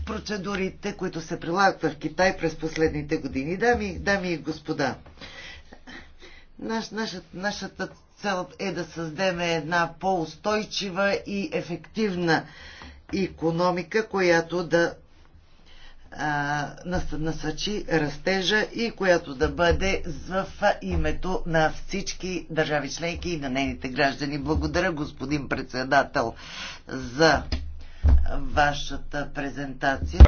процедурите, които се прилагат в Китай през последните години. Дами, дами и господа, наш, нашата, нашата цел е да създадем една по-устойчива и ефективна економика, която да насъчи растежа и която да бъде в името на всички държави членки и на нейните граждани. Благодаря, господин председател, за вашата презентация.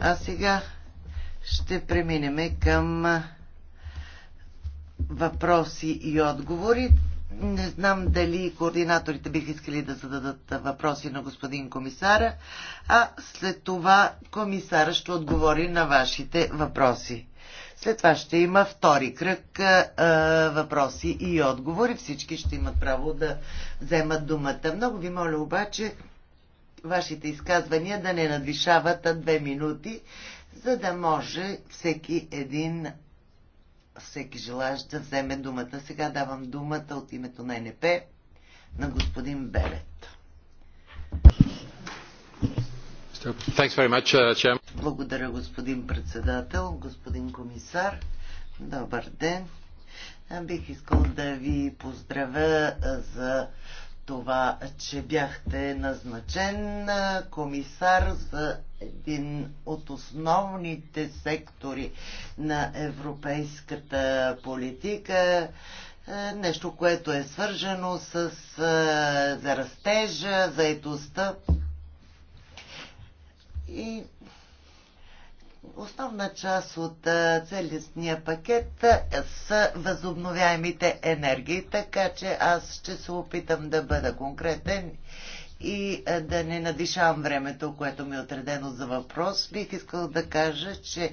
А сега ще преминем към въпроси и отговори. Не знам дали координаторите бих искали да зададат въпроси на господин комисара, а след това комисара ще отговори на вашите въпроси. След това ще има втори кръг а, въпроси и отговори. Всички ще имат право да вземат думата. Много ви моля обаче вашите изказвания да не надвишават две минути, за да може всеки един всеки желаящ да вземе думата. Сега давам думата от името на НП на господин Белет. Uh, Благодаря, господин председател, господин комисар. Добър ден. Бих искал да ви поздравя за това, че бяхте назначен комисар за един от основните сектори на европейската политика, нещо, което е свържено с за растежа, заедостта. И Основна част от целистния пакет са възобновяемите енергии, така че аз ще се опитам да бъда конкретен и да не надишавам времето, което ми е отредено за въпрос. Бих искал да кажа, че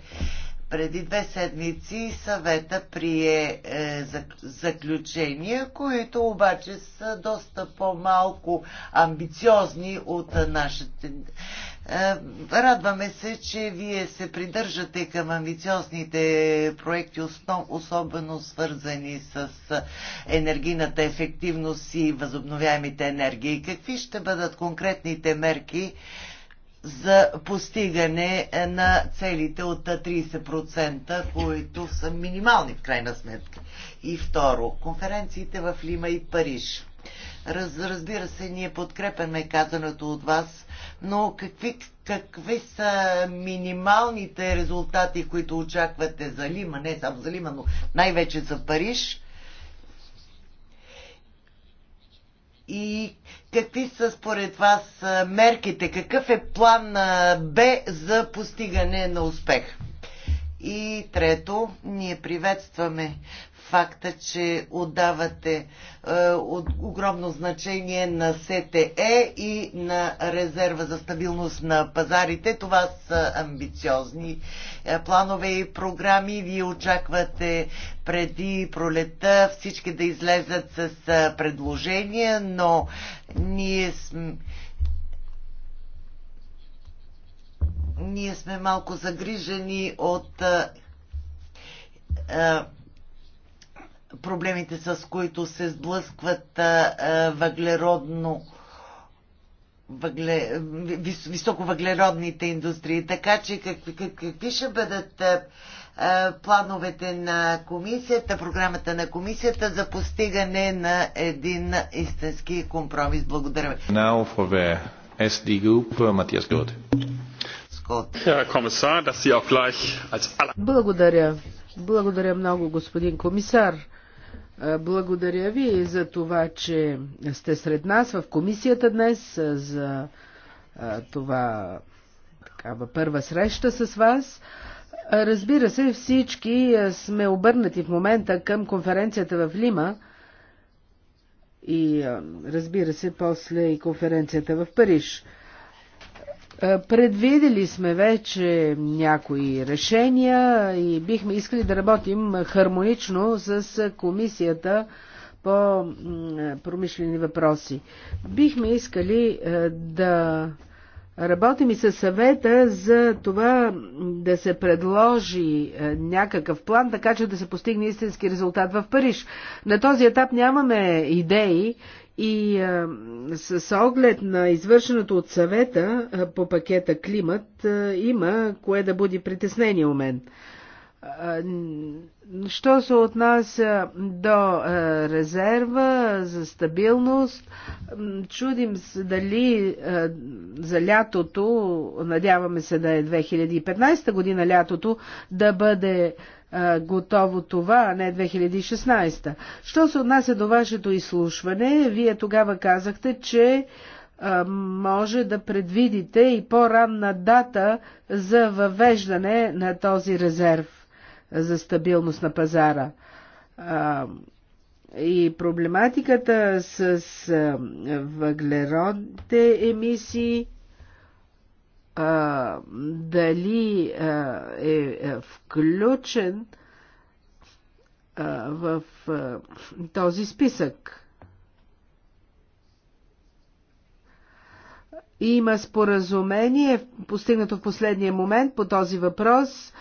преди две седмици съвета прие е, заключения, които обаче са доста по-малко амбициозни от нашите. Е, радваме се, че вие се придържате към амбициозните проекти, особено свързани с е, енергийната ефективност и възобновяемите енергии. Какви ще бъдат конкретните мерки за постигане е, на целите от 30%, които са минимални в крайна сметка? И второ, конференциите в Лима и Париж Раз, разбира се, ние подкрепяме казаното от вас, но какви, какви са минималните резултати, които очаквате за Лима, не само за Лима, но най-вече за Париж? И какви са според вас мерките? Какъв е план Б за постигане на успех? И трето, ние приветстваме факта, че отдавате е, от, огромно значение на СТЕ и на резерва за стабилност на пазарите. Това са амбициозни е, планове и програми. Вие очаквате преди пролета всички да излезат с е, предложения, но ние сме ние сме малко загрижени от а, е, е, проблемите, с които се сблъскват въглеродно въгле, вис, високовъглеродните индустрии. Така че какви, какви ще бъдат а, плановете на комисията, програмата на комисията за постигане на един истински компромис. Благодаря ви. Now for the SD group, Матиас Гроте. Благодаря. Благодаря много, господин комисар. Благодаря ви за това, че сте сред нас в комисията днес, за това такава първа среща с вас. Разбира се, всички сме обърнати в момента към конференцията в Лима и разбира се, после и конференцията в Париж. Е, Предвидели сме вече някои решения и бихме искали да работим хармонично с комисията по промишлени въпроси. Бихме искали е, да работим и със съвета за това да се предложи е, някакъв план, така че да се постигне истински резултат в Париж. На този етап нямаме идеи и а, с оглед на извършеното от съвета а, по пакета климат а, има кое да буди притеснение у мен. А, Що се отнася до резерва за стабилност, чудим се дали за лятото, надяваме се да е 2015 година лятото, да бъде готово това, а не 2016. Що се отнася до вашето изслушване, вие тогава казахте, че може да предвидите и по-ранна дата за въвеждане на този резерв за стабилност на пазара. И проблематиката с въглеродните емисии а, дали а, е, е, включен а, в а, този списък. Има споразумение, постигнато в последния момент по този въпрос.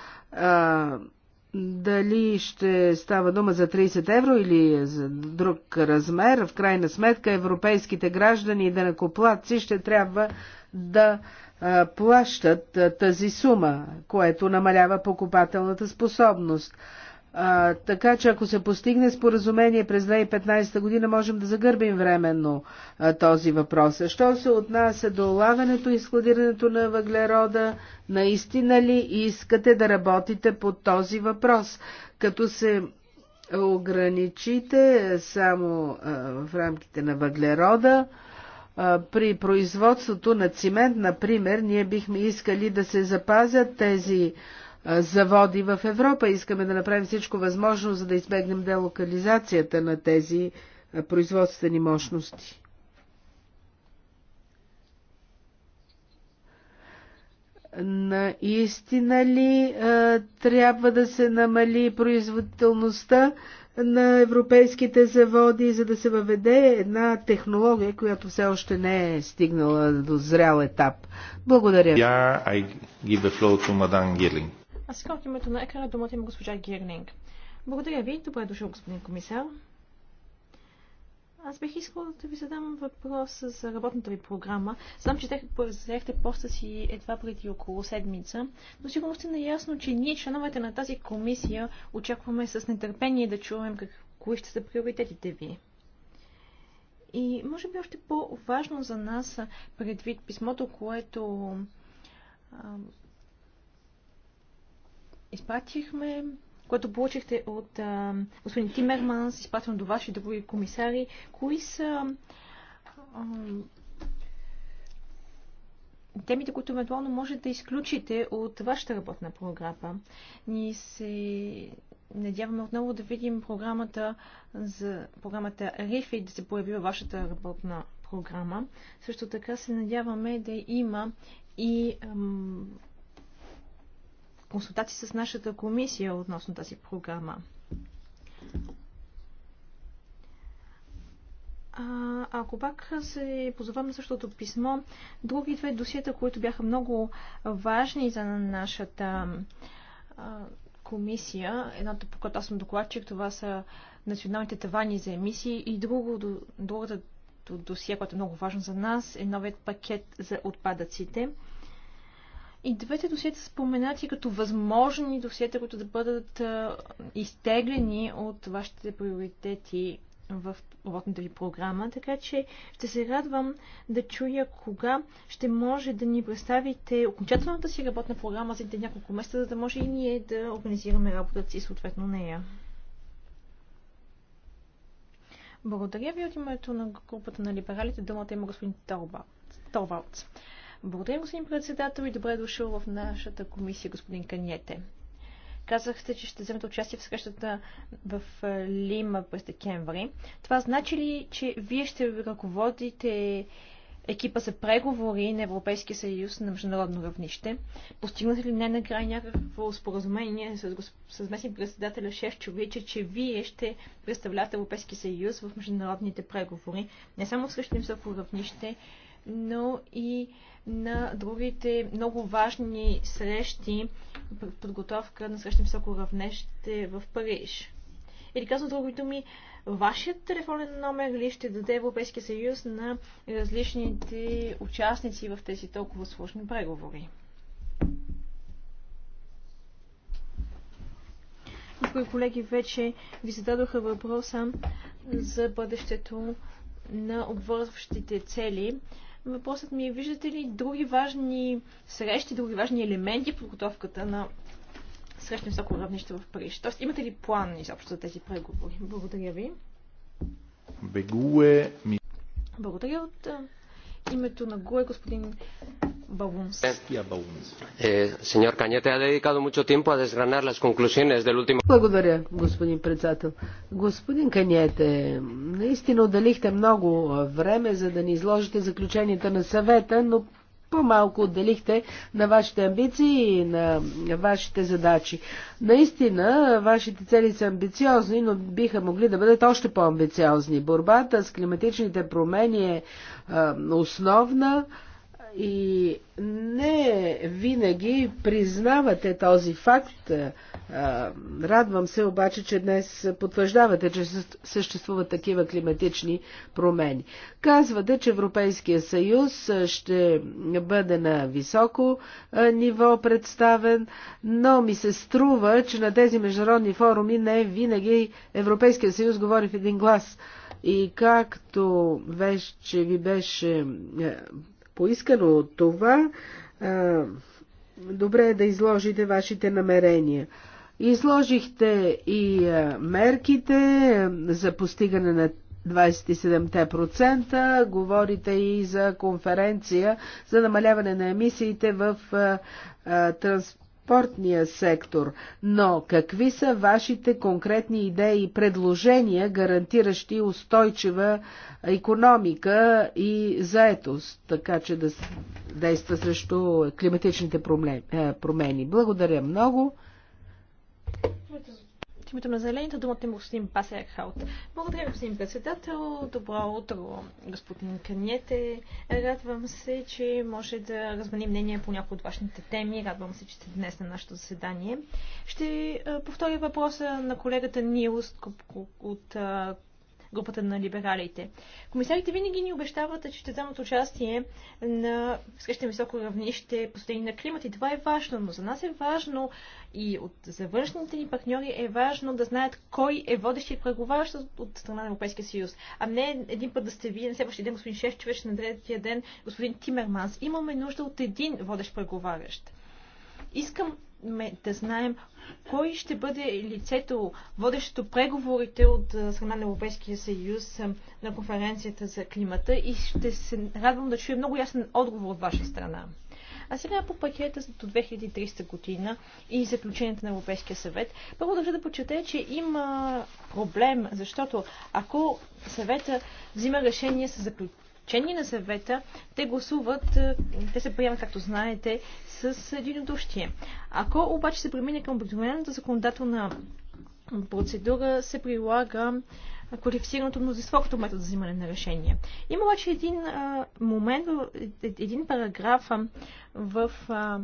Дали ще става дума за 30 евро или за друг размер, в крайна сметка европейските граждани и данакоплатци ще трябва да плащат тази сума, което намалява покупателната способност. А, така че ако се постигне споразумение през 2015 година, можем да загърбим временно а, този въпрос. Що се отнася до лагането и складирането на въглерода, наистина ли искате да работите по този въпрос, като се ограничите само а, в рамките на въглерода? При производството на цимент, например, ние бихме искали да се запазят тези заводи в Европа. Искаме да направим всичко възможно, за да избегнем делокализацията на тези производствени мощности. Наистина ли а, трябва да се намали производителността на европейските заводи, за да се въведе една технология, която все още не е стигнала до зрял етап? Благодаря. Yeah, а сега от името на екрана думата има госпожа Гирлинг. Благодаря ви. Добре дошъл, господин комисар. Аз бих искала да ви задам въпрос за работната ви програма. Знам, че взехте поста си едва преди около седмица, но сигурно сте наясно, че ние, членовете на тази комисия, очакваме с нетърпение да чуем как, кои ще са приоритетите ви. И може би още по-важно за нас, предвид писмото, което изпратихме, което получихте от а, господин Тимерманс, изпратено до ваши други комисари, кои са а, темите, които евентуално може да изключите от вашата работна програма. Ние се надяваме отново да видим програмата за програмата РИФИ да се появи във вашата работна програма. Също така се надяваме да има и консултации с нашата комисия относно тази програма. А, ако пак се позовам на същото писмо, други две досиета, които бяха много важни за нашата а, комисия, едната по която аз съм докладчик, това са националните тавани за емисии и друго, другата досие, което е много важно за нас, е новият пакет за отпадъците. И двете досиета са споменати като възможни досиета, които да бъдат изтеглени от вашите приоритети в работната ви програма, така че ще се радвам да чуя кога ще може да ни представите окончателната си работна програма за няколко месеца, за да може и ние да организираме работата си съответно нея. Благодаря ви от името на групата на либералите. Думата има господин Торвалц. Благодаря, господин председател и добре е дошъл в нашата комисия, господин Каниете. Казахте, че ще вземете участие в срещата в Лима през декември. Това значи ли, че вие ще ръководите екипа за преговори на Европейския съюз на международно равнище. постигнате ли не накрая някакво споразумение с, с местния председателя Шефчович, че вие ще представлявате Европейския съюз в международните преговори, не само срещу им равнище, но и на другите много важни срещи подготовка на срещи високо равнеще в Париж. Или казвам други думи, вашият телефонен номер ли ще даде Европейския съюз на различните участници в тези толкова сложни преговори? Някои колеги вече ви зададоха въпроса за бъдещето на обвързващите цели. Въпросът ми е, виждате ли други важни срещи, други важни елементи в подготовката на среща високо равнище в Париж? Тоест, имате ли план изобщо за тези преговори? Благодаря ви. Бегуе ми. Благодаря от името на ГУЕ, господин Баунс. Сеньор eh, ha dedicado mucho tiempo a desgranar las conclusiones del último... Благодаря, господин председател. Господин Каньете, наистина отделихте много време, за да ни изложите заключенията на съвета, но по-малко отделихте на вашите амбиции и на вашите задачи. Наистина, вашите цели са амбициозни, но биха могли да бъдат още по-амбициозни. Борбата с климатичните промени е, е основна и не винаги признавате този факт. Радвам се обаче, че днес потвърждавате, че съществуват такива климатични промени. Казвате, че Европейския съюз ще бъде на високо ниво представен, но ми се струва, че на тези международни форуми не винаги Европейския съюз говори в един глас. И както вече ви беше поискано от това, добре е да изложите вашите намерения. Изложихте и мерките за постигане на 27%, говорите и за конференция за намаляване на емисиите в транс транспортния сектор, но какви са вашите конкретни идеи и предложения, гарантиращи устойчива економика и заетост, така че да действа срещу климатичните е, промени? Благодаря много името на зелените думата е господин Халт. Благодаря, господин председател. Добро утро, господин Каниете. Радвам се, че може да размени мнение по някои от вашите теми. Радвам се, че сте днес на нашето заседание. Ще повторя въпроса на колегата Нилс от групата на либералите. Комисарите винаги ни обещават, че ще вземат участие на скъщите високо равнище постоянно на климат и това е важно, но за нас е важно и от завършните ни партньори е важно да знаят кой е водещият преговарящ от страна на Европейския съюз. А не един път да сте вие на следващия ден господин човеш на третия ден господин Тимерманс. Имаме нужда от един водещ преговарящ. Искам да знаем кой ще бъде лицето, водещото преговорите от страна на Европейския съюз на конференцията за климата и ще се радвам да чуя много ясен отговор от ваша страна. А сега по пакета до 2300 година и заключенията на Европейския съвет. Първо държа да почете, че има проблем, защото ако съвета взима решение с заключ... Чени на съвета, те гласуват, е, те се приемат, както знаете, с единодушие. Ако обаче се премине към обикновената законодателна процедура, се прилага квалифицираното мнозинство като метод за взимане на решение. Има обаче един а, е, момент, е, един параграф а, в а,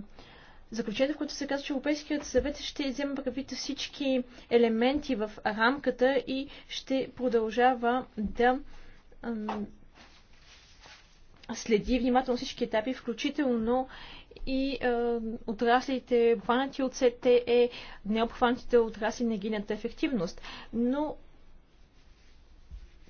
заключението, в което се казва, че Европейският съвет ще вземе правите всички елементи в рамката и ще продължава да следи внимателно всички етапи, включително и е, отраслите, обхванати от СТЕ, необхванатите отрасли на гинят ефективност. Но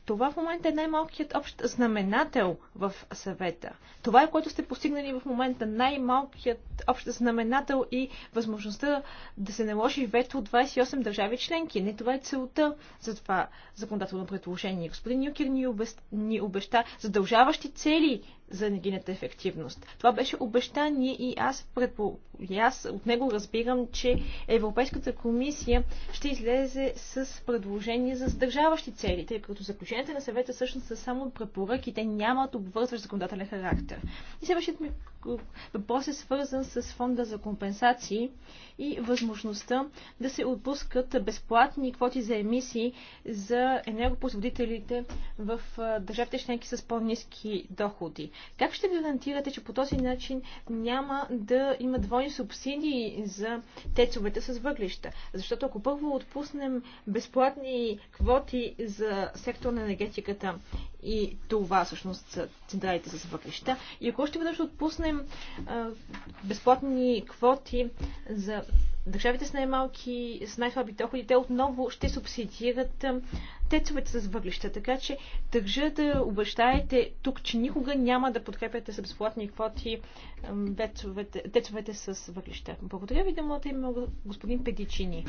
това в момента е най-малкият общ знаменател в съвета. Това е което сте постигнали в момента най-малкият общ знаменател и възможността да се наложи вето от 28 държави членки. Не това е целта за това законодателно предложение. Господин Юкер ни, ни обеща задължаващи цели за енергийната ефективност. Това беше обещание и аз, предпо... и аз от него разбирам, че Европейската комисия ще излезе с предложение за задържаващи цели, тъй като заключенията на съвета всъщност са само препоръки, те нямат обвързващ законодателен характер. И следващият ми въпрос е свързан с фонда за компенсации и възможността да се отпускат безплатни квоти за емисии за енергопроизводителите в държавите членки с по-низки доходи. Как ще гарантирате, че по този начин няма да има двойни субсидии за тецовете с въглища? Защото ако първо отпуснем безплатни квоти за сектор на енергетиката и това всъщност са централите с въглища. И ако още веднъж отпуснем а, безплатни квоти за държавите с най-малки, с най-слаби доходи, те отново ще субсидират тецовете с въглища. Така че държа да обещаете тук, че никога няма да подкрепяте с безплатни квоти тецовете с въглища. Благодаря ви, думата има господин Педичини.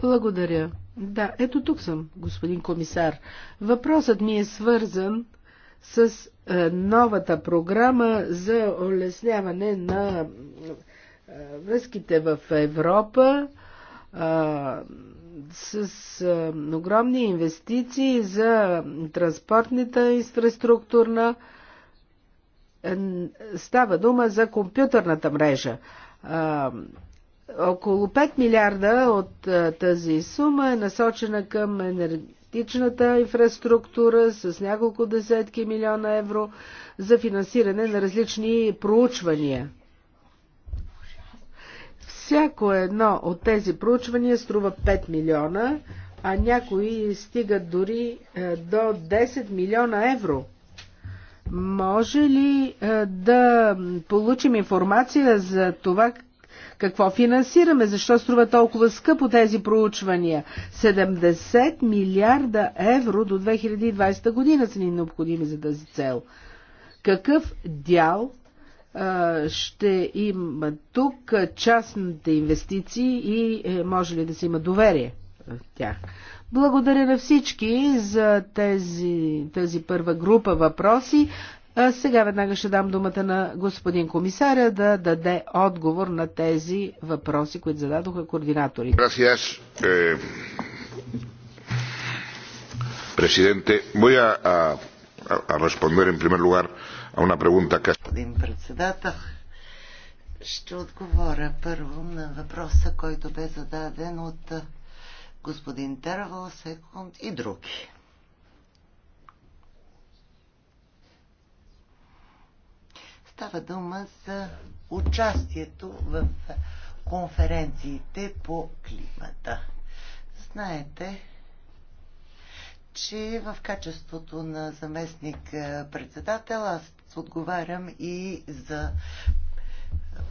Благодаря. Да, ето тук съм, господин комисар. Въпросът ми е свързан с е, новата програма за улесняване на е, връзките в Европа е, с огромни инвестиции за транспортната инфраструктурна. Става дума за компютърната мрежа. Около 5 милиарда от е, тази сума е насочена към енергетичната инфраструктура с няколко десетки милиона евро за финансиране на различни проучвания. Всяко едно от тези проучвания струва 5 милиона, а някои стигат дори е, до 10 милиона евро. Може ли е, да получим информация за това какво финансираме? Защо струва толкова скъпо тези проучвания? 70 милиарда евро до 2020 година са ни необходими за тази цел. Какъв дял ще има тук частните инвестиции и е, може ли да се има доверие в тях. Благодаря на всички за тези, тази първа група въпроси. Сега веднага ще дам думата на господин комисаря да даде отговор на тези въпроси, които зададоха координатори. Gracias, eh, Voy a, a, a responder en primer lugar a una pregunta que... Господин председател, ще отговоря първо на въпроса, който бе зададен от господин Тервал, Секунд и други. Става дума за участието в конференциите по климата. Знаете, че в качеството на заместник председател аз отговарям и за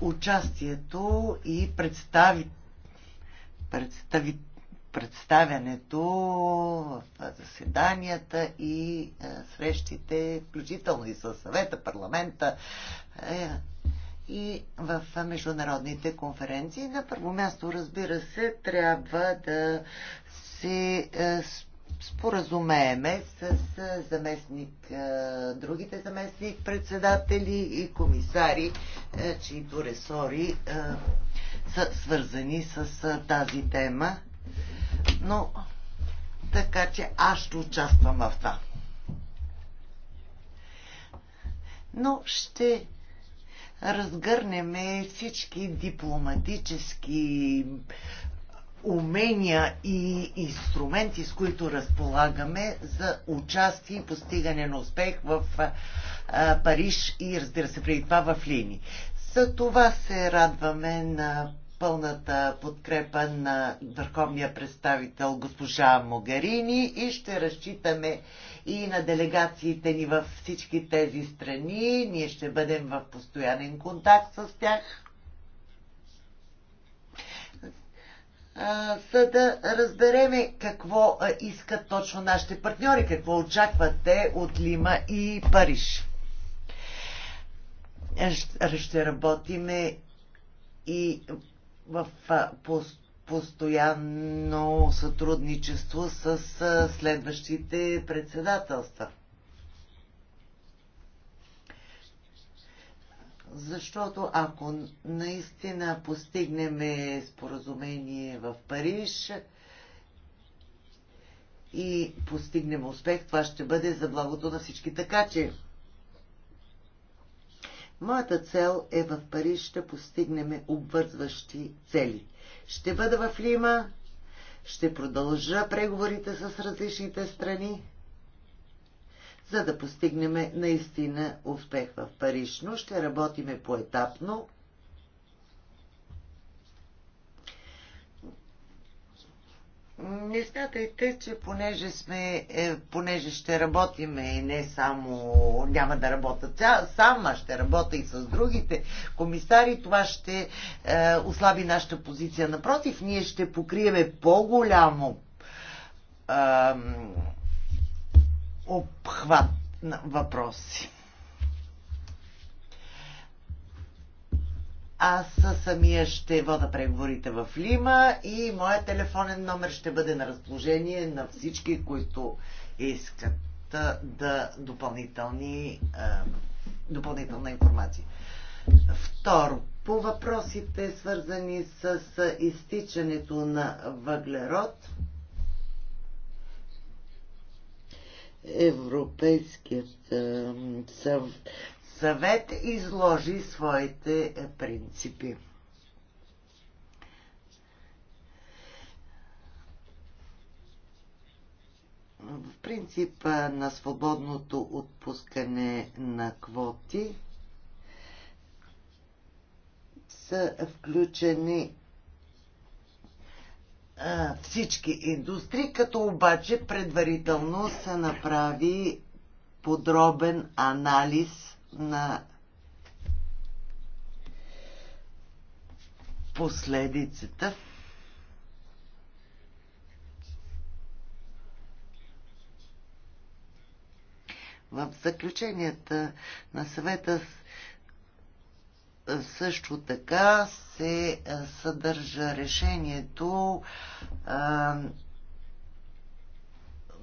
участието и представи, представи, представянето в заседанията и е, срещите, включително и със съвета, парламента е, и в международните конференции. На първо място, разбира се, трябва да се е, споразумееме с заместник, другите заместник председатели и комисари, чието ресори са свързани с тази тема. Но така че аз ще участвам в това. Но ще разгърнеме всички дипломатически умения и инструменти, с които разполагаме за участие и постигане на успех в Париж и разбира се преди това в Лини. За това се радваме на пълната подкрепа на върховния представител госпожа Могарини и ще разчитаме и на делегациите ни във всички тези страни. Ние ще бъдем в постоянен контакт с тях. за да разбереме какво искат точно нашите партньори, какво очакват те от Лима и Париж. Ще работиме и в постоянно сътрудничество с следващите председателства. Защото ако наистина постигнем споразумение в Париж, и постигнем успех, това ще бъде за благото на всички. Така че Моята цел е в Париж да постигнем обвързващи цели. Ще бъда в Лима, ще продължа преговорите с различните страни, за да постигнем наистина успех в Париж, но ще работиме поетапно Не смятайте, че понеже, сме, е, понеже ще работиме и не само няма да работя тя, сама, ще работя и с другите комисари, това ще е, ослаби нашата позиция. Напротив, ние ще покриеме по-голямо е, обхват на въпроси. Аз самия ще вода преговорите в Лима и моят телефонен номер ще бъде на разположение на всички, които искат да допълнителни, допълнителна информация. Второ, по въпросите свързани с изтичането на въглерод, Европейският съв, съвет изложи своите принципи. В принцип на свободното отпускане на квоти са включени всички индустрии, като обаче предварително се направи подробен анализ на последицата. В заключенията на съвета също така се съдържа решението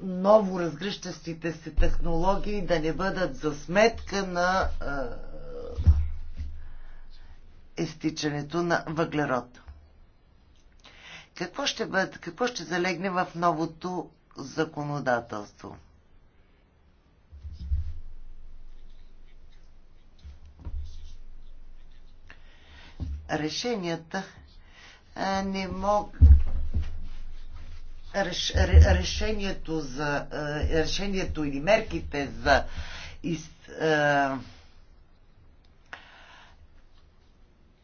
ново разгръщащите се технологии да не бъдат за сметка на изтичането на въглерод. Какво ще, бъде, какво ще залегне в новото законодателство? Решенията не могат решението, за, е, решението или мерките за из, е,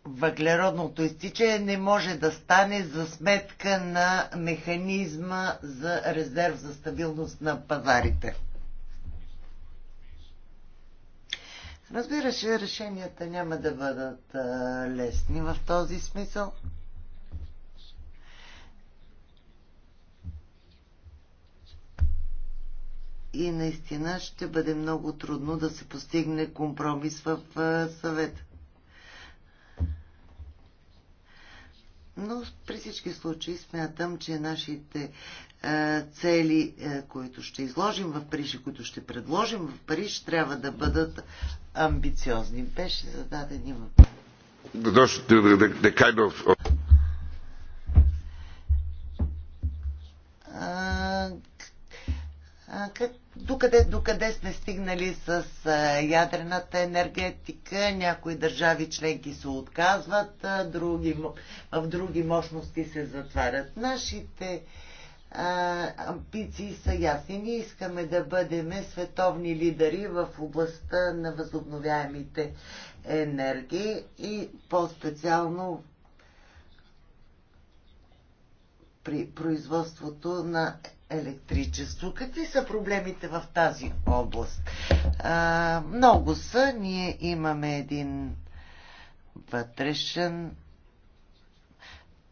въглеродното изтичане не може да стане за сметка на механизма за резерв за стабилност на пазарите. Разбира се, решенията няма да бъдат е, лесни в този смисъл. и наистина ще бъде много трудно да се постигне компромис в съвета. Но при всички случаи смятам, че нашите е, цели, е, които ще изложим в Париж и които ще предложим в Париж, трябва да бъдат амбициозни. Беше зададен и въпрос. Как, докъде, докъде сме стигнали с ядрената енергетика? Някои държави членки се отказват, други, в други мощности се затварят. Нашите а, амбиции са ясни. Ние искаме да бъдем световни лидери в областта на възобновяемите енергии и по-специално при производството на електричество. Какви са проблемите в тази област? А, много са. Ние имаме един вътрешен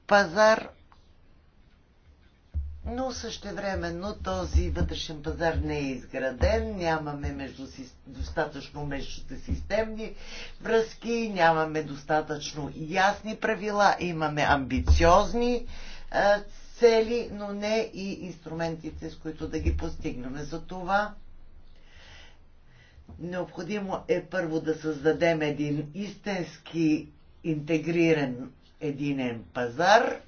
пазар, но същевременно този вътрешен пазар не е изграден, нямаме между, достатъчно междусистемни връзки, нямаме достатъчно ясни правила, имаме амбициозни цели, но не и инструментите, с които да ги постигнем. За това необходимо е първо да създадем един истински интегриран единен пазар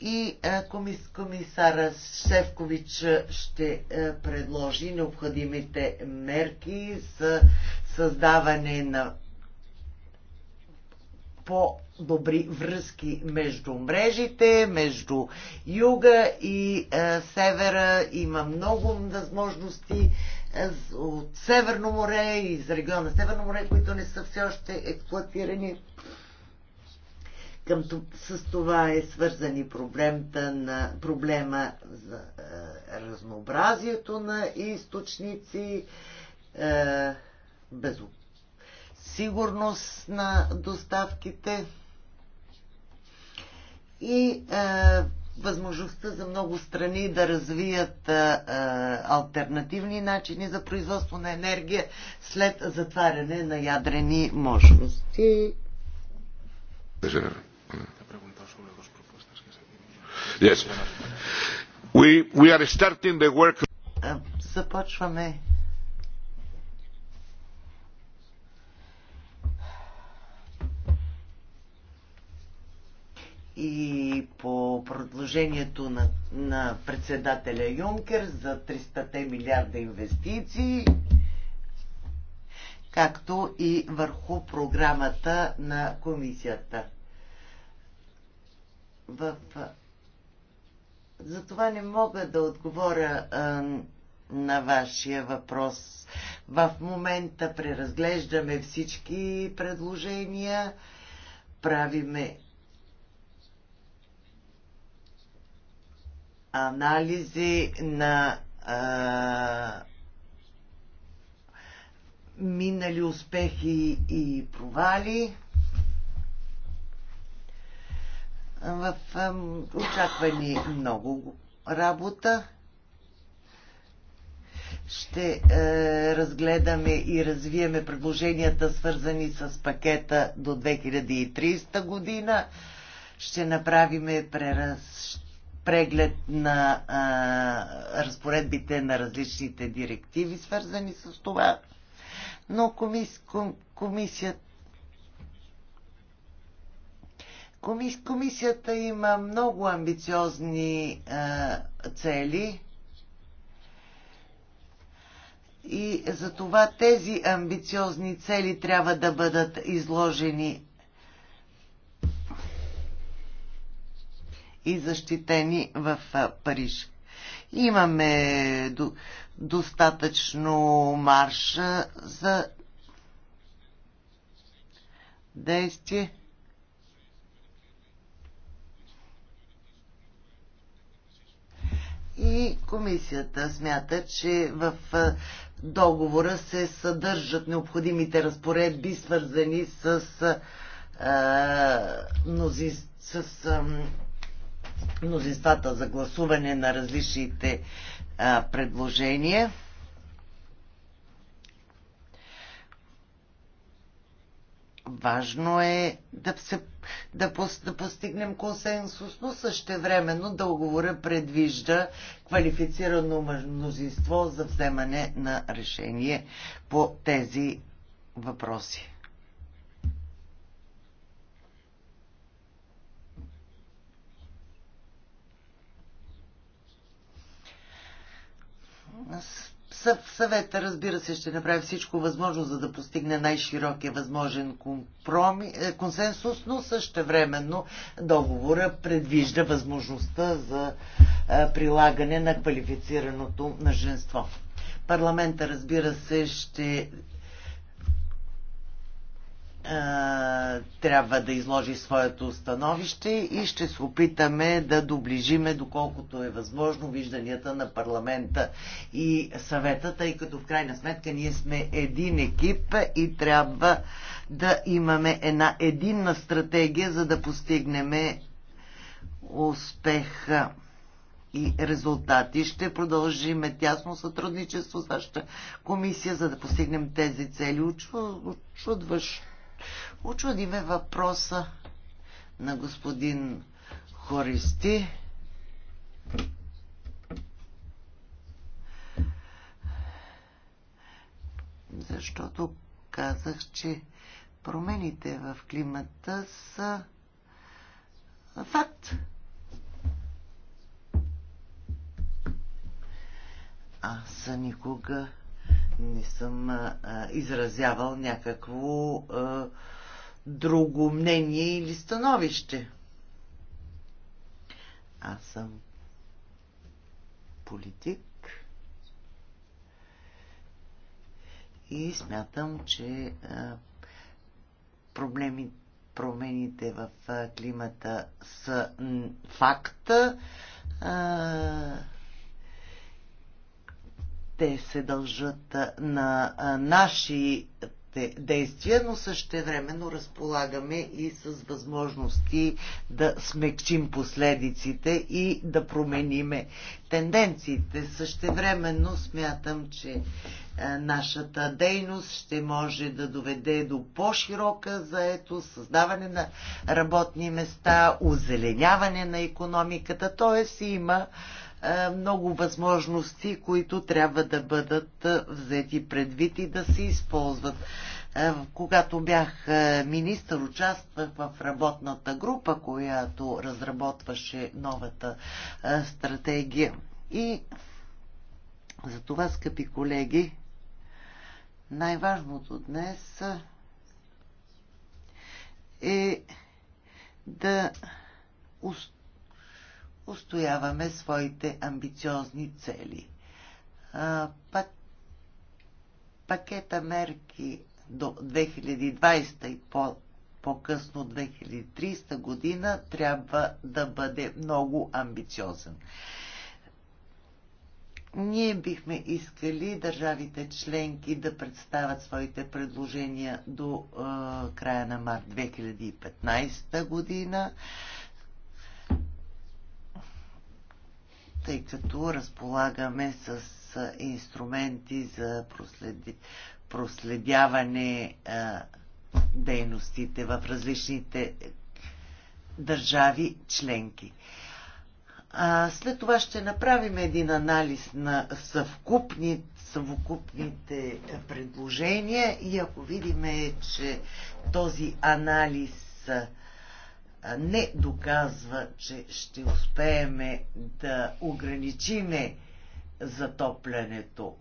и комис, комисара Шевкович ще предложи необходимите мерки за създаване на по-добри връзки между мрежите, между юга и е, севера. Има много възможности е, от Северно море и за региона Северно море, които не са все още експлуатирани. Към, с това е свързани проблемата на, проблема за е, разнообразието на източници, е, безопасност сигурност на доставките и е, възможността за много страни да развият е, е альтернативни начини за производство на енергия след затваряне на ядрени мощности. Yes. We, we are starting the work. Е, започваме и по предложението на, на председателя Юнкер за 300 милиарда инвестиции, както и върху програмата на комисията. В... Затова не мога да отговоря а, на вашия въпрос. В момента преразглеждаме всички предложения, правиме анализи на а, минали успехи и провали. В, а, очаква ни много работа. Ще е, разгледаме и развиеме предложенията, свързани с пакета до 2030 година. Ще направиме прераз, преглед на а, разпоредбите на различните директиви, свързани с това. Но комис, ком, комисията комис, комисията има много амбициозни а, цели и за това тези амбициозни цели трябва да бъдат изложени и защитени в Париж. Имаме до, достатъчно марш за действие. И комисията смята, че в договора се съдържат необходимите разпоредби, свързани с, а, мнози, с а, мнозинствата за гласуване на различните а, предложения. Важно е да, се, да, по, да постигнем консенсус, но същевременно договора предвижда квалифицирано мнозинство за вземане на решение по тези въпроси. Съвета, разбира се, ще направи всичко възможно, за да постигне най-широкия възможен компроми, е, консенсус, но също временно договора предвижда възможността за е, прилагане на квалифицираното мъженство. Парламента, разбира се, ще е, трябва да изложи своето становище и ще се опитаме да доближиме доколкото е възможно вижданията на парламента и съвета, тъй като в крайна сметка ние сме един екип и трябва да имаме една единна стратегия, за да постигнем успеха и резултати. Ще продължиме тясно сътрудничество с нашата комисия, за да постигнем тези цели. Очудващо Очудиме въпроса на господин Хористи. Защото казах, че промените в климата са факт. Аз никога не съм а, изразявал някакво а, друго мнение или становище. Аз съм политик и смятам, че проблеми, промените в климата са факта. Те се дължат на наши нашите действия, но същевременно разполагаме и с възможности да смекчим последиците и да промениме тенденциите. Същевременно смятам, че е, нашата дейност ще може да доведе до по-широка заето, създаване на работни места, озеленяване на економиката, т.е. има е, много възможности, които трябва да бъдат е, взети предвид и да се използват. Е, когато бях министър, участвах в работната група, която разработваше новата стратегия. И за това, скъпи колеги, най-важното днес е да устойчиваме устояваме своите амбициозни цели. Пак, пакета мерки до 2020 и по, по-късно 2030 година трябва да бъде много амбициозен. Ние бихме искали държавите членки да представят своите предложения до е, края на март 2015 година. Е, тъй като разполагаме с инструменти за проследи, проследяване а, дейностите в различните държави членки. А, след това ще направим един анализ на съвкупни, съвкупните предложения и ако видиме, че този анализ не доказва, че ще успееме да ограничиме затоплянето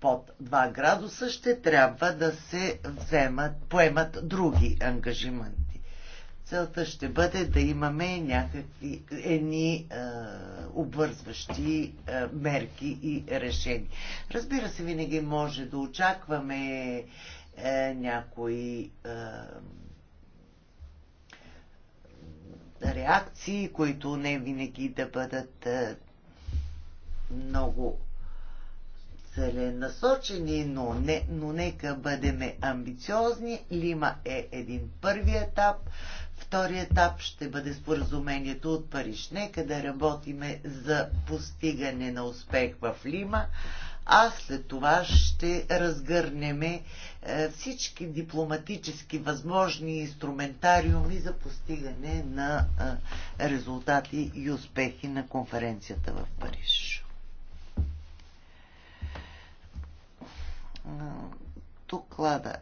под 2 градуса, ще трябва да се вземат, поемат други ангажименти. Целта ще бъде да имаме някакви едни е, обвързващи е, мерки и решения. Разбира се, винаги може да очакваме е, някои е, реакции, които не винаги да бъдат е, много целенасочени, но, не, но нека бъдеме амбициозни. Лима е един първи етап. Втори етап ще бъде споразумението от Париж. Нека да работиме за постигане на успех в Лима, а след това ще разгърнеме е, всички дипломатически възможни инструментариуми за постигане на е, резултати и успехи на конференцията в Париж. Е, доклада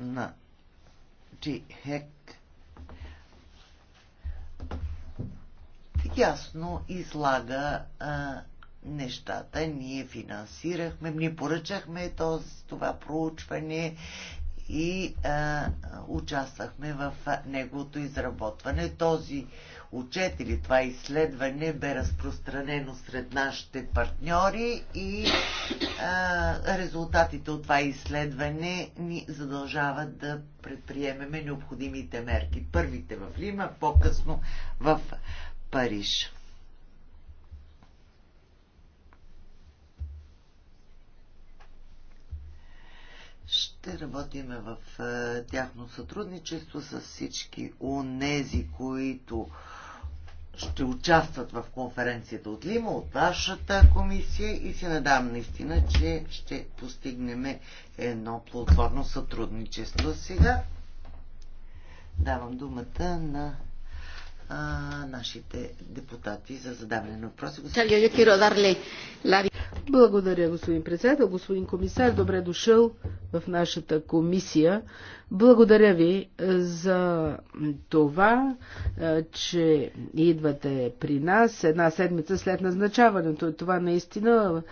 на Хек. ясно излага а, нещата. Ние финансирахме, ние поръчахме този, това проучване и а, участвахме в неговото изработване. Този учет или това изследване бе разпространено сред нашите партньори и а, резултатите от това изследване ни задължават да предприемеме необходимите мерки. Първите в Лима, по-късно в Париж. Ще работиме в е, тяхно сътрудничество с всички онези, които ще участват в конференцията от Лима, от вашата комисия и се надавам наистина, че ще постигнем едно плодотворно сътрудничество. Сега давам думата на нашите депутати за задаване на въпроси. Благодаря, господин председател. Господин комисар, добре дошъл в нашата комисия. Благодаря ви е, за това, е, че идвате при нас една седмица след назначаването. Това наистина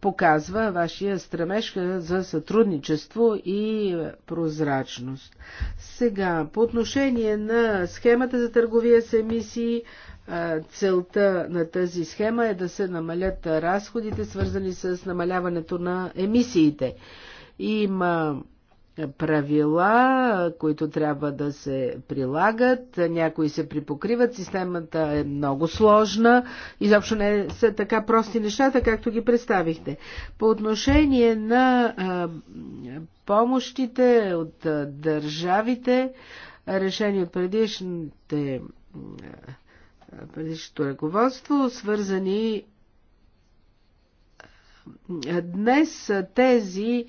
показва вашия стремеж за сътрудничество и прозрачност. Сега, по отношение на схемата за търговия с емисии, е, целта на тази схема е да се намалят разходите, свързани с намаляването на емисиите. Има правила, които трябва да се прилагат, някои се припокриват, системата е много сложна, изобщо не са така прости нещата, както ги представихте. По отношение на а, помощите от а, държавите, решени от предишните, предишното ръководство, свързани Днес тези,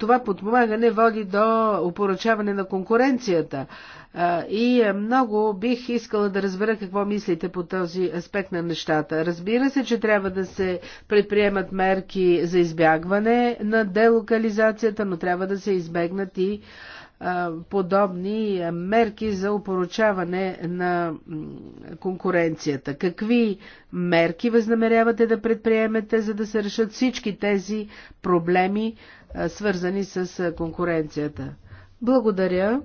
това подпомагане води до опоръчаване на конкуренцията. И много бих искала да разбера какво мислите по този аспект на нещата. Разбира се, че трябва да се предприемат мерки за избягване на делокализацията, но трябва да се избегнат и подобни мерки за опоручаване на конкуренцията. Какви мерки възнамерявате да предприемете, за да се решат всички тези проблеми, свързани с конкуренцията? Благодаря.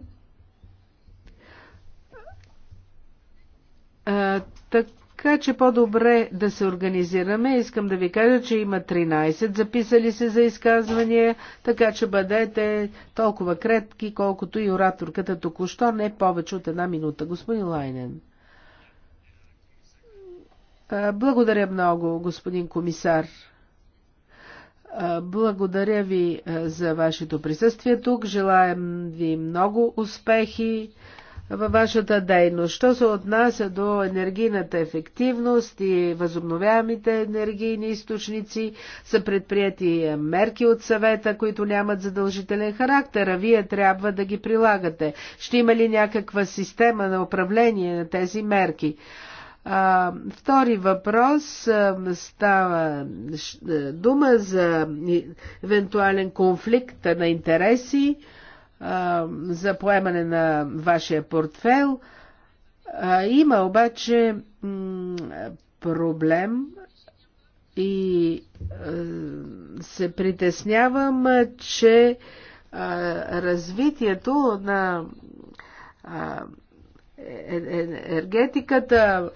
Так, така че по-добре да се организираме. Искам да ви кажа, че има 13 записали се за изказвания, така че бъдете толкова кретки, колкото и ораторката току-що, не повече от една минута. Господин Лайнен. Благодаря много, господин комисар. Благодаря ви за вашето присъствие тук. Желаем ви много успехи във вашата дейност. Що се отнася до енергийната ефективност и възобновяемите енергийни източници, са предприяти мерки от съвета, които нямат задължителен характер, а вие трябва да ги прилагате. Ще има ли някаква система на управление на тези мерки? А, втори въпрос а, става дума за евентуален конфликт на интереси за поемане на вашия портфел. Има обаче проблем и се притеснявам, че развитието на е, е, енергетиката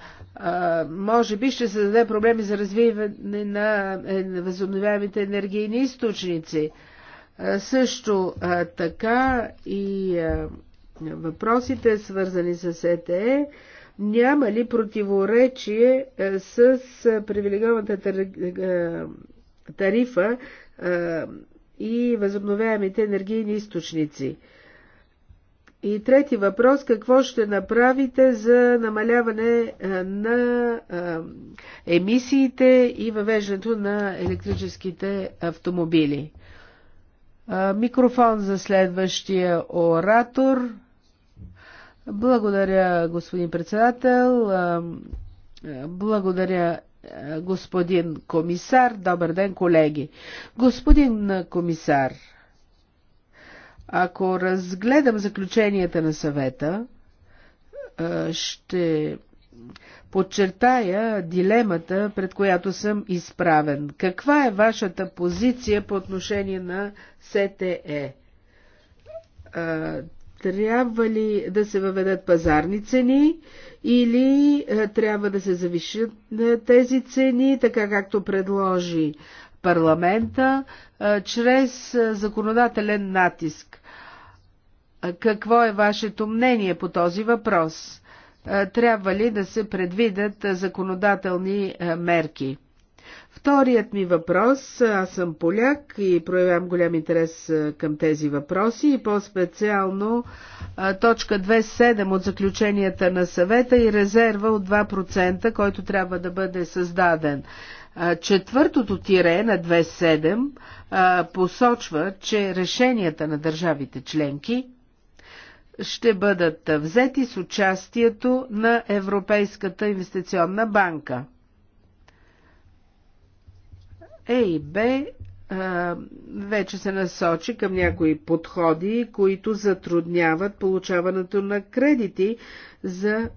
може би ще се даде проблеми за развиване на е, възобновяемите енергийни източници. Също така и въпросите, свързани с ЕТЕ, няма ли противоречие с привилегионата тарифа и възобновяемите енергийни източници? И трети въпрос, какво ще направите за намаляване на емисиите и въвеждането на електрическите автомобили? Микрофон за следващия оратор. Благодаря, господин председател. Благодаря, господин комисар. Добър ден, колеги. Господин комисар, ако разгледам заключенията на съвета, ще подчертая дилемата, пред която съм изправен. Каква е вашата позиция по отношение на СТЕ? Трябва ли да се въведат пазарни цени или трябва да се завишат тези цени, така както предложи парламента, чрез законодателен натиск? Какво е вашето мнение по този въпрос? Е, трябва ли да се предвидят законодателни е, мерки? Вторият ми въпрос, аз съм поляк и проявявам голям интерес е, към тези въпроси и по-специално точка 2.7 от заключенията на съвета и резерва от 2%, който трябва да бъде създаден. Четвъртото тире на 2.7 посочва, че решенията на държавите членки ще бъдат взети с участието на Европейската инвестиционна банка. ЕИБ е, вече се насочи към някои подходи, които затрудняват получаването на кредити за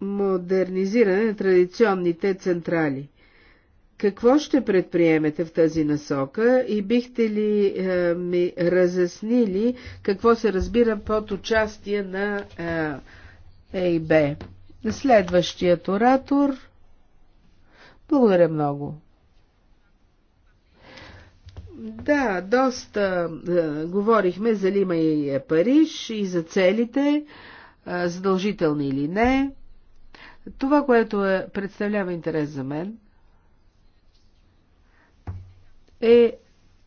модернизиране на традиционните централи. Какво ще предприемете в тази насока и бихте ли е, ми разяснили какво се разбира под участие на ЕИБ? Следващият оратор. Благодаря много. Да, доста е, говорихме за Лима и Париж и за целите, е, задължителни или не. Това, което е, представлява интерес за мен – е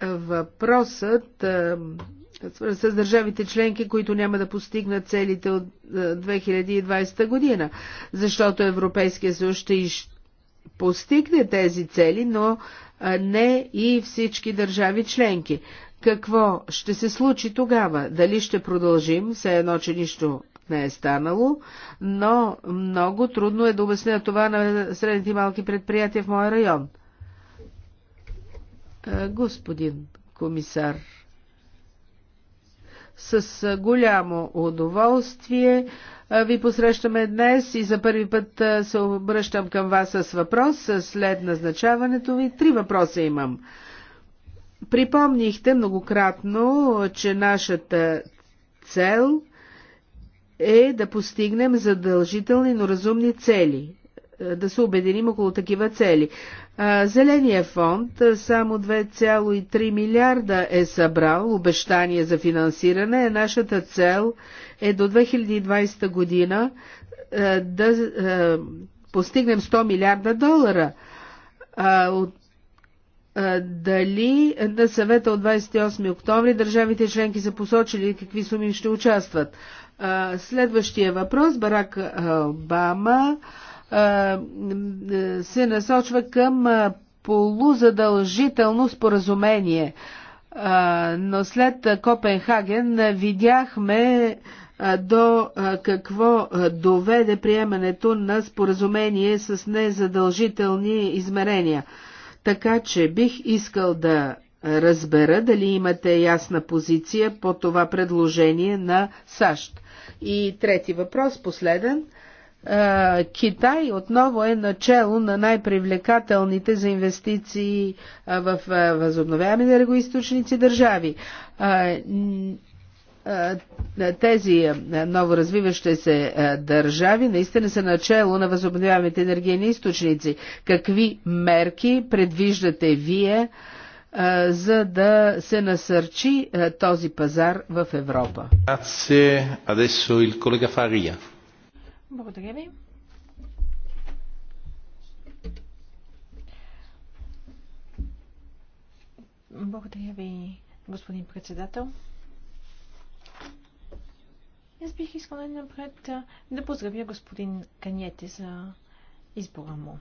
въпросът е, с държавите членки, които няма да постигнат целите от 2020 е, година, защото Европейския съюз ще постигне тези цели, но е, не и всички държави членки. Какво ще се случи тогава? Дали ще продължим, все едно, че нищо не е станало, но много трудно е да обясня това на средните и малки предприятия в моя район – е, господин комисар, с е, голямо удоволствие е, ви посрещаме днес и за първи път се обръщам към вас с въпрос след назначаването ви. Три въпроса имам. Припомнихте многократно, че нашата цел е да постигнем задължителни, но разумни цели. Да се обединим около такива цели. Зеления фонд само 2,3 милиарда е събрал обещание за финансиране. Е нашата цел е до 2020 година да постигнем 100 милиарда долара. От дали на съвета от 28 октомври държавите членки са посочили какви суми ще участват. Следващия въпрос. Барак Обама се насочва към полузадължително споразумение. Но след Копенхаген видяхме до какво доведе приемането на споразумение с незадължителни измерения. Така че бих искал да разбера дали имате ясна позиция по това предложение на САЩ. И трети въпрос, последен – е, Китай отново е начало на най-привлекателните за инвестиции е, в е, възобновяеми енергоисточници държави. Тези новоразвиващи се държави наистина са начало на възобновяемите енергийни източници. Какви мерки предвиждате вие, за да се насърчи този пазар в Европа? Grazie. Adesso il благодаря ви. Благодаря ви, господин председател. Аз бих искала напред да поздравя господин Каньете за избора му.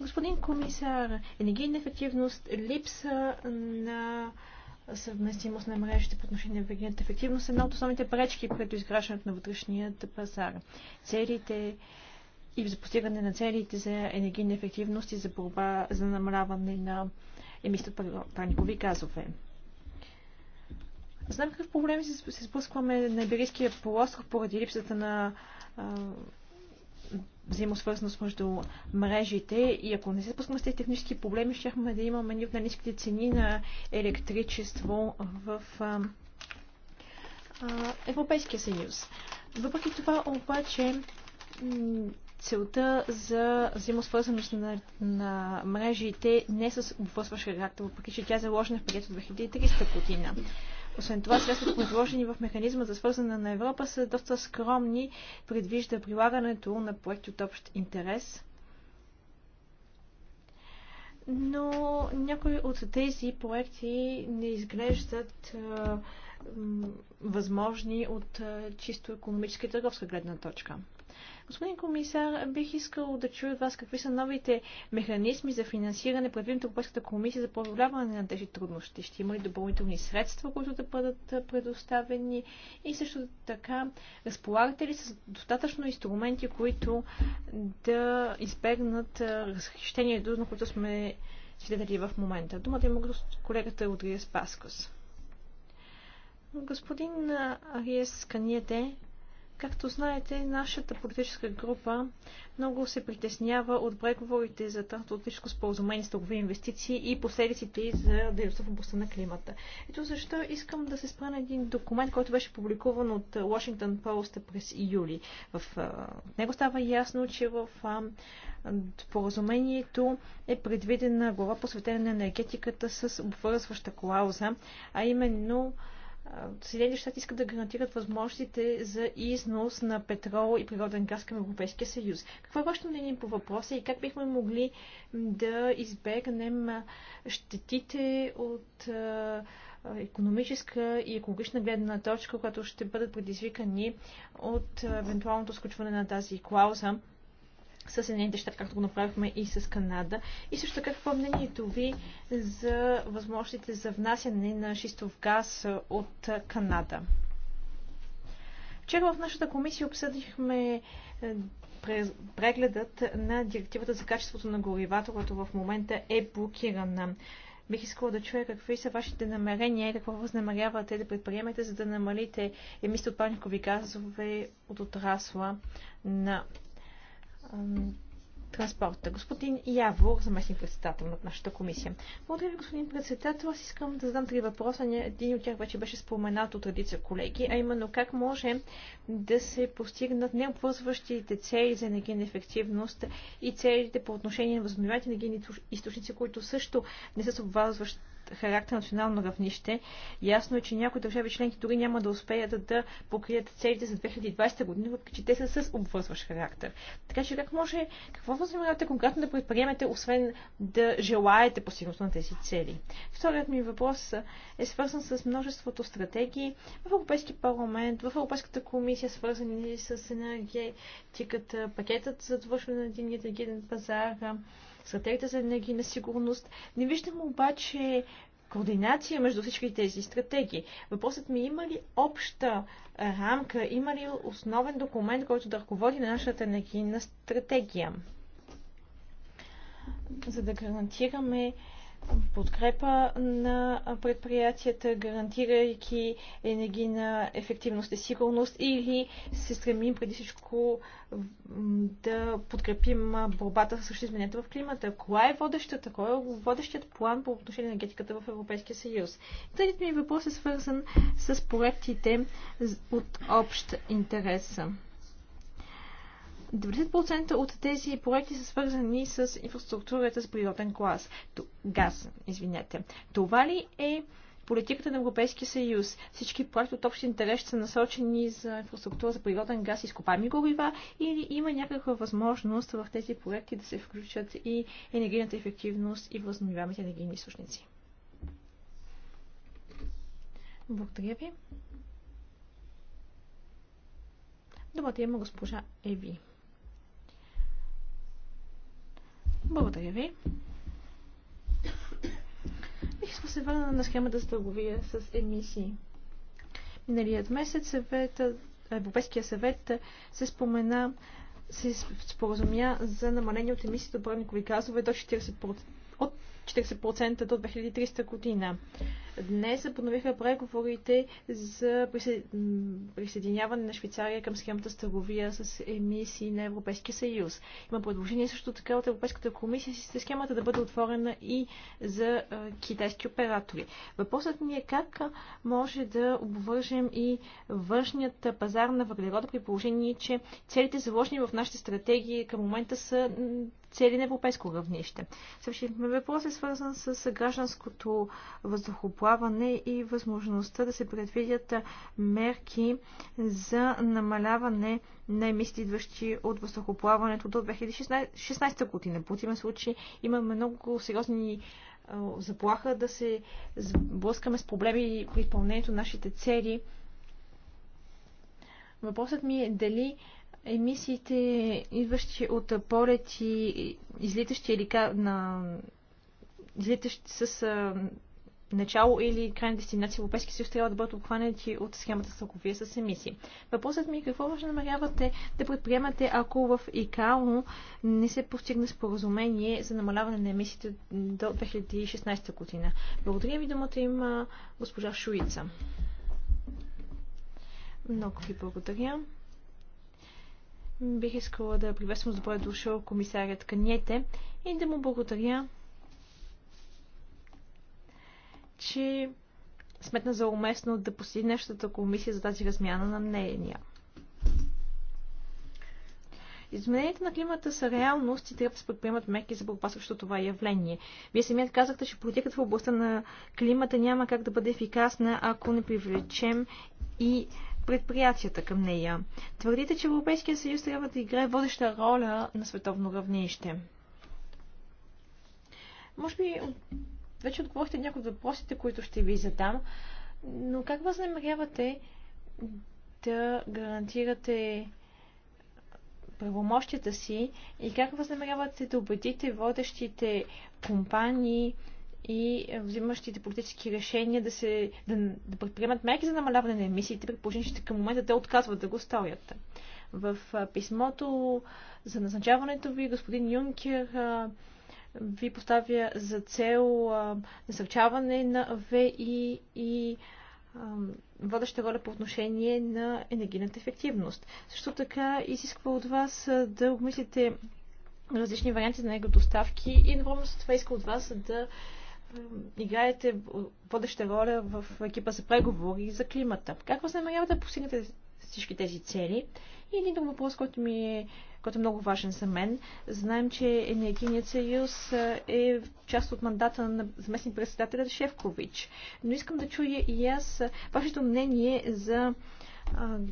Господин комисар, енергийна ефективност, липса на съвместимост на мрежите по отношение на енергийната ефективност е една от основните пречки пред изграждането на вътрешният пазар. Целите и за постигане на целите за енергийна ефективност и за борба за намаляване на емисията парникови газове. Знам какъв проблем се сблъскваме на Иберийския полуостров поради липсата на взаимосвързаност между мрежите и ако не се спускаме с тези технически проблеми, щяхме да имаме ни на ниските цени на електричество в а, а, Европейския съюз. Въпреки това обаче целта за взаимосвързаност на, на мрежите не с обвързващ характер, въпреки че тя е заложена в пакет от 2300 година. Освен това, средствата, предложени в механизма за свързане на Европа, са доста скромни. Предвижда прилагането на проекти от общ интерес. Но някои от тези проекти не изглеждат възможни от чисто економическа и търговска гледна точка. Господин комисар, бих искал да чуя от вас какви са новите механизми за финансиране, предвидим Европейската комисия за преодоляване на тези трудности. Ще има ли допълнителни средства, които да бъдат предоставени? И също така, разполагате ли с достатъчно инструменти, които да избегнат разхищението, на което сме свидетели в момента? Думата има колегата Удриес Паскос. Господин Ариес Каниете, Както знаете, нашата политическа група много се притеснява от преговорите за трансатлантическо споразумение с търгови инвестиции и последиците за дейността в областта на климата. Ето защо искам да се спра на един документ, който беше публикуван от Washington Post през юли. В него става ясно, че в споразумението е предвидена глава посветена на енергетиката с обвързваща клауза, а именно Съединените щати искат да гарантират възможностите за износ на петрол и природен газ към Европейския съюз. Какво е вашето мнение по въпроса и как бихме могли да избегнем щетите от економическа и екологична гледна точка, която ще бъдат предизвикани от евентуалното сключване на тази клауза с Съединените щати, както го направихме и с Канада. И също така какво е мнението ви за възможностите за внасяне на шистов газ от Канада? Вчера в нашата комисия обсъдихме е, прегледът на директивата за качеството на горивата, която в момента е блокирана. Бих искала да чуя какви са вашите намерения и какво възнамерявате да предприемете, за да намалите емисията от парникови газове от отрасла на транспорта. Господин Явор, заместник председател на нашата комисия. Благодаря ви, господин председател. Аз искам да задам три въпроса. Един от тях вече беше споменат от редица колеги, а именно как може да се постигнат необвързващите цели за енергийна ефективност и целите по отношение на възобновяемите енергийни източници, които също не са с обвързващи характер национално равнище. Ясно е, че някои държави членки дори няма да успеят да покрият целите за 2020 година, въпреки че те са с обвързващ характер. Така че как може, какво възнамерявате конкретно да предприемете, освен да желаете постигнато на тези цели? Вторият ми въпрос е свързан с множеството стратегии в Европейски парламент, в Европейската комисия, свързани с енергетиката, пакетът за довършване на един енергиен пазар, стратегията за енергийна сигурност. Не виждам обаче координация между всички тези стратегии. Въпросът ми е, има ли обща рамка, има ли основен документ, който да ръководи на нашата енергийна стратегия? За да гарантираме подкрепа на предприятията, гарантирайки енергийна ефективност и сигурност или се стремим преди всичко да подкрепим борбата с измененията в климата? Кога е водещата? Кой е водещият план по отношение на енергетиката в Европейския съюз? Третият ми въпрос е свързан с проектите от общ интерес. 90% от тези проекти са свързани с инфраструктурата с природен глас. Газ, извинете. Това ли е политиката на Европейския съюз. Всички проекти от общи интерес са насочени за инфраструктура за природен газ и изкопаеми горива или има някаква възможност в тези проекти да се включат и енергийната ефективност и възобновяемите енергийни източници. Благодаря ви. Думата има госпожа Еви. Благодаря ви. Бих сме се върна на схемата за търговия с емисии. Миналият месец съвета, Европейския съвет се спомена се споразумя за намаление от емисиите от парникови газове до 40%, от 40% до 2300 година. Днес подновиха преговорите за присъединяване на Швейцария към схемата с търговия с емисии на Европейския съюз. Има предложение също така от Европейската комисия с схемата да бъде отворена и за китайски оператори. Въпросът ни е как може да обвържем и външният пазар на въглерода при положение, че целите заложени в нашите стратегии към момента са цели на европейско равнище. Същият ми въпрос е свързан с гражданското въздухоплаване корабоплаване и възможността да се предвидят мерки за намаляване на емисии, идващи от въздухоплаването до 2016 година. В противен случай имаме много сериозни заплаха да се сблъскаме с проблеми при изпълнението на нашите цели. Въпросът ми е дали емисиите, идващи от полети, излитащи или на излитащи с начало или крайна дестинация Европейски съюз трябва да бъдат обхванати от схемата с търговия с емисии. Въпросът ми е какво ще намерявате да предприемате, ако в ИКАО не се постигне споразумение за намаляване на емисиите до 2016 година. Благодаря ви, думата има госпожа Шуица. Много ви благодаря. Бих искала да приветствам с добре дошъл комисарят Каниете и да му благодаря че сметна за уместно да посети нещата комисия за тази размяна на мнения. Измененията на климата са реалност и трябва да се предприемат мерки за борба срещу това явление. Вие самият казахте, че политиката в областта на климата няма как да бъде ефикасна, ако не привлечем и предприятията към нея. Твърдите, че Европейския съюз трябва да играе водеща роля на световно равнище. Може би вече отговорихте някои от въпросите, които ще ви задам, но как възнамерявате да гарантирате правомощията си и как възнамерявате да убедите водещите компании и взимащите политически решения да, се, да, да предприемат мерки за намаляване на емисиите, при положение, че към момента те отказват да го сторят. В писмото за назначаването ви господин Юнкер ви поставя за цел насърчаване на ВИ и водеща роля по отношение на енергийната ефективност. Също така изисква от вас да обмислите различни варианти на него доставки и едновременно с това иска от вас да играете водеща роля в екипа за преговори за климата. Как възнамерявате да постигнете всички тези цели. И един друг въпрос, който ми е който е много важен за мен. Знаем, че Енергийният съюз е част от мандата на заместник председателя Шевкович. Но искам да чуя и аз вашето мнение за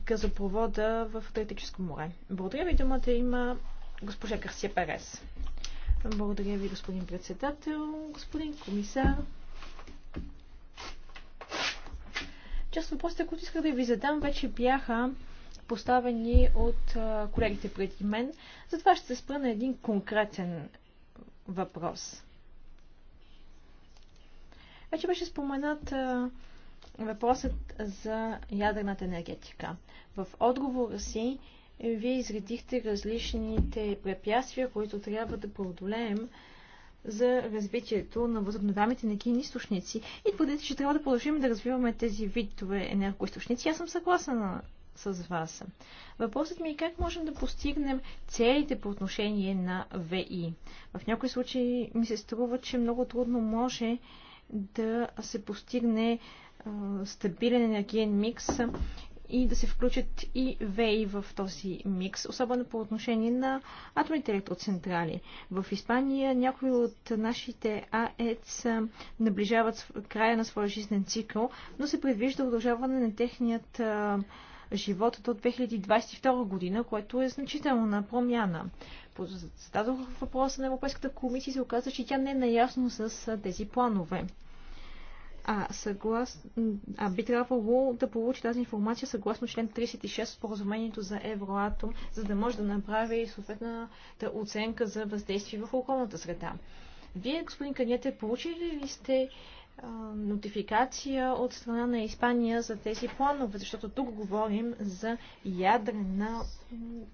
газопровода в Атлантическо море. Благодаря ви, думата има госпожа Гарсия Перес. Благодаря ви, господин председател, господин комисар. Част от въпросите, които исках да ви задам, вече бяха поставени от колегите преди мен. Затова ще се спра на един конкретен въпрос. Вече беше споменат въпросът за ядрената енергетика. В отговора си е, вие изредихте различните препятствия, които трябва да преодолеем, за развитието на възобновяемите енергийни източници и твърдите, че трябва да продължим да развиваме тези видове енергоисточници. Аз съм съгласна с вас. Въпросът ми е как можем да постигнем целите по отношение на ВИ. В някои случаи ми се струва, че много трудно може да се постигне стабилен енергиен микс и да се включат и ВЕИ в този микс, особено по отношение на атомните електроцентрали. В Испания някои от нашите АЕЦ наближават края на своя жизнен цикъл, но се предвижда удължаване на техният живот до 2022 година, което е значителна промяна. Зададох въпроса на Европейската комисия и се оказа, че тя не е наясно с тези планове а, съглас... а би трябвало да получи тази информация съгласно член 36 от споразумението за Евроатом, за да може да направи съответната оценка за въздействие в околната среда. Вие, господин Канете, получили ли сте нотификация от страна на Испания за тези планове, защото тук говорим за ядрена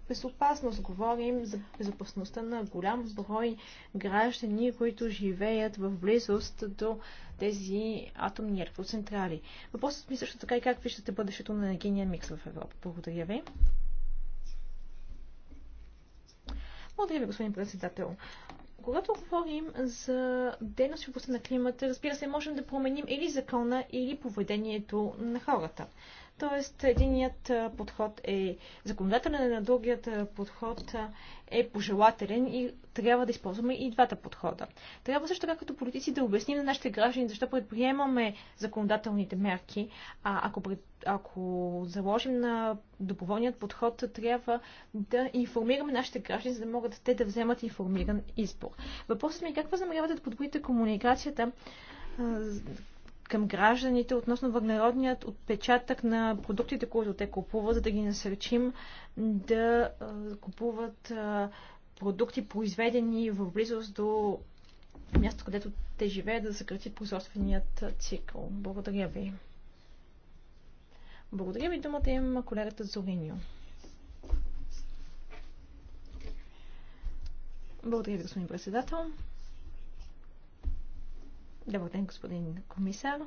безопасност, говорим за безопасността на голям брой граждани, които живеят в близост до тези атомни електроцентрали. Въпросът ми също така и е как виждате бъдещето на енергийния микс в Европа. Благодаря ви. Благодаря ви, господин председател. Когато говорим за дейност в областта на климата, разбира се, можем да променим или закона, или поведението на хората. Тоест, единият подход е законодателен, а другият подход е пожелателен и трябва да използваме и двата подхода. Трябва също така като политици да обясним на нашите граждани защо предприемаме законодателните мерки, а ако, пред, ако заложим на доброволният подход, трябва да информираме нашите граждани, за да могат те да вземат информиран избор. Въпросът ми е как възнамерявате да подобрите комуникацията към гражданите относно въглеродният отпечатък на продуктите, които те купуват, за да ги насърчим да купуват продукти, произведени в близост до място, където те живеят, да съкратят производственият цикъл. Благодаря ви. Благодаря ви. Думата има колегата Зориньо. Благодаря ви, господин председател. Добър ден, господин комисар.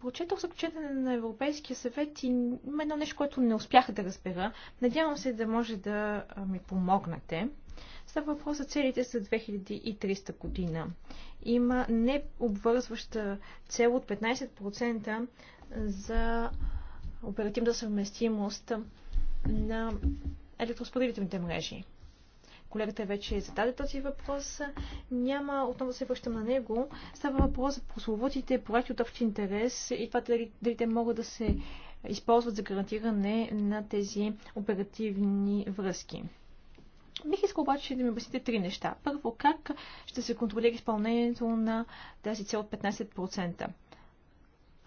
Прочетох заключение на Европейския съвет и има едно нещо, което не успях да разбера. Надявам се да може да ми помогнете. Става въпрос за целите за 2300 година. Има необвързваща цел от 15% за оперативна съвместимост на електроспределителните мрежи. Колегата вече зададе този въпрос. Няма отново да се връщам на него. Става въпрос за прословутите проекти от общ интерес и това дали, дали те могат да се използват за гарантиране на тези оперативни връзки. Бих искал обаче да ми обясните три неща. Първо, как ще се контролира изпълнението на тази цел от 15%?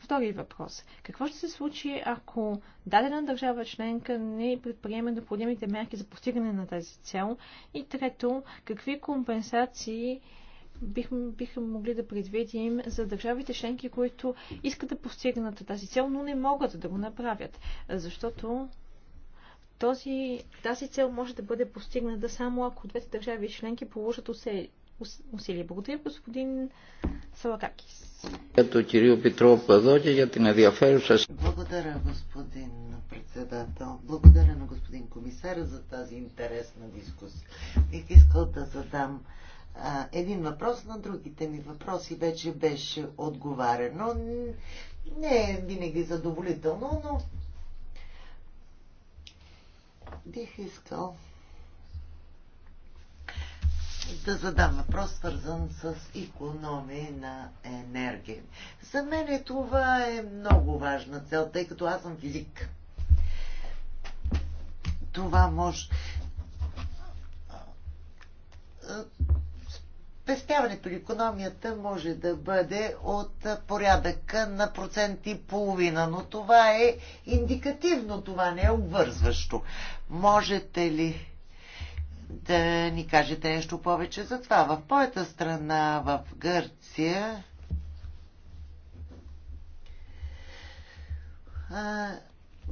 Втори въпрос. Какво ще се случи, ако дадена държава членка не предприеме необходимите мерки за постигане на тази цел? И трето, какви компенсации бихме, биха могли да предвидим за държавите членки, които искат да постигнат тази цел, но не могат да го направят? Защото този, тази цел може да бъде постигната само ако двете държави членки положат усилия усилия. Благодаря, господин Салакакис. Като Кирил Петров Пазоти, για την Благодаря, господин председател. Благодаря на господин комисар за тази интересна дискусия. Бих искал да задам а, един въпрос на другите ми въпроси вече беше отговарено. Не е винаги задоволително, но бих искал да задам въпрос, свързан с економия на енергия. За мен е това е много важна цел, тъй като аз съм физик. Това може... Спестяването или економията може да бъде от порядъка на процент и половина, но това е индикативно, това не е обвързващо. Можете ли да ни кажете нещо повече за това. В моята страна, в Гърция, а,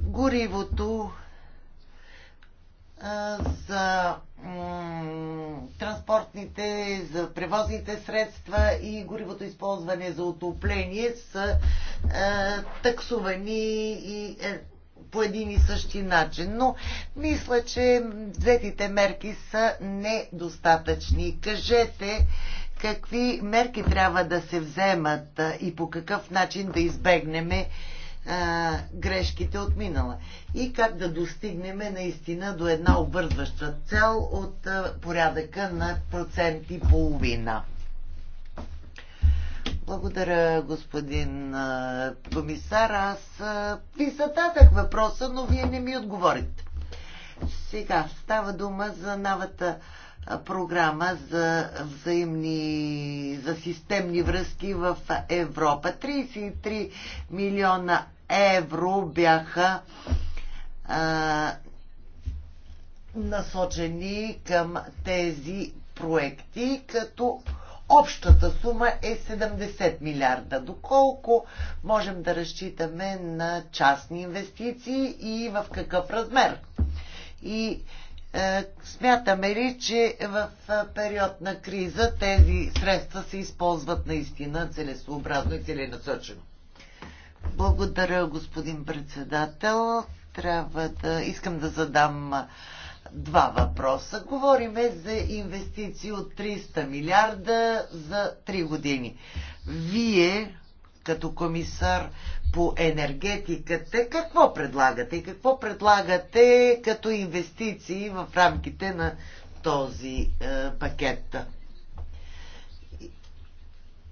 горивото а, за транспортните, за превозните средства и горивото използване за отопление са а, таксувани и е, по един и същи начин. Но мисля, че взетите мерки са недостатъчни. Кажете какви мерки трябва да се вземат и по какъв начин да избегнеме грешките от минала и как да достигнем наистина до една обвързваща цел от порядъка на процент и половина. Благодаря, господин комисар. Аз ви зададах въпроса, но вие не ми отговорите. Сега става дума за новата програма за взаимни, за системни връзки в Европа. 33 милиона евро бяха а, насочени към тези проекти, като общата сума е 70 милиарда. Доколко можем да разчитаме на частни инвестиции и в какъв размер? И е, смятаме ли, че в е, период на криза тези средства се използват наистина целесообразно и целенасочено? Благодаря, господин председател. Трябва да искам да задам е, два въпроса. Говориме за инвестиции от 300 милиарда за 3 години. Вие, като комисар по енергетиката, какво предлагате и какво предлагате като инвестиции в рамките на този е, пакет?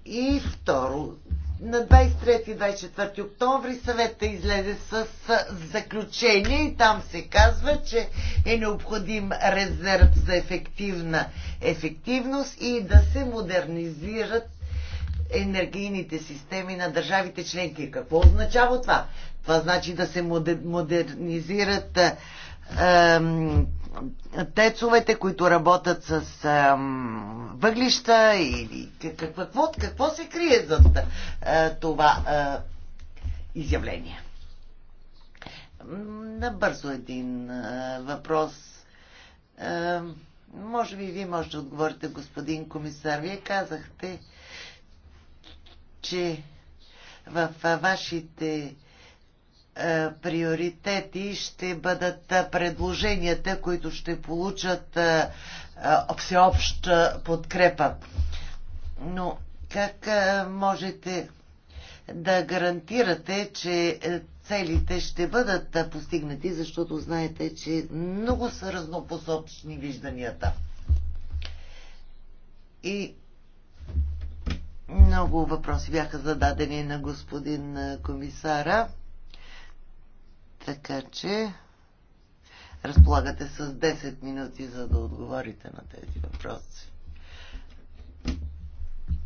И второ, на 23 24 октомври съвета излезе с заключение и там се казва, че е необходим резерв за ефективна ефективност и да се модернизират енергийните системи на държавите членки. Какво означава това? Това значи да се модернизират тецовете, които работят с ам, въглища или какво, какво, какво се крие за е, това а, е, изявление. Набързо един а, е, въпрос. А, може би вие можете да отговорите, господин комисар. Вие казахте, че в а, вашите е, приоритети ще бъдат е, предложенията, които ще получат е, всеобща подкрепа. Но как можете да гарантирате, че целите ще бъдат постигнати, защото знаете, че много са разнопосочни вижданията. И много въпроси бяха зададени на господин комисара. Така че разполагате с 10 минути, за да отговорите на тези въпроси.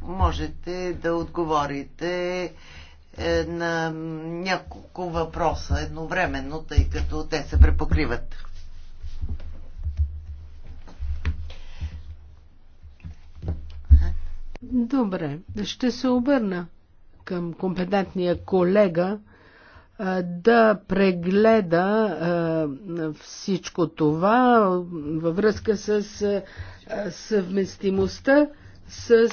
Можете да отговорите е, на няколко въпроса едновременно, тъй като те се препокриват. Добре, ще се обърна към компетентния колега да прегледа всичко това във връзка с съвместимостта с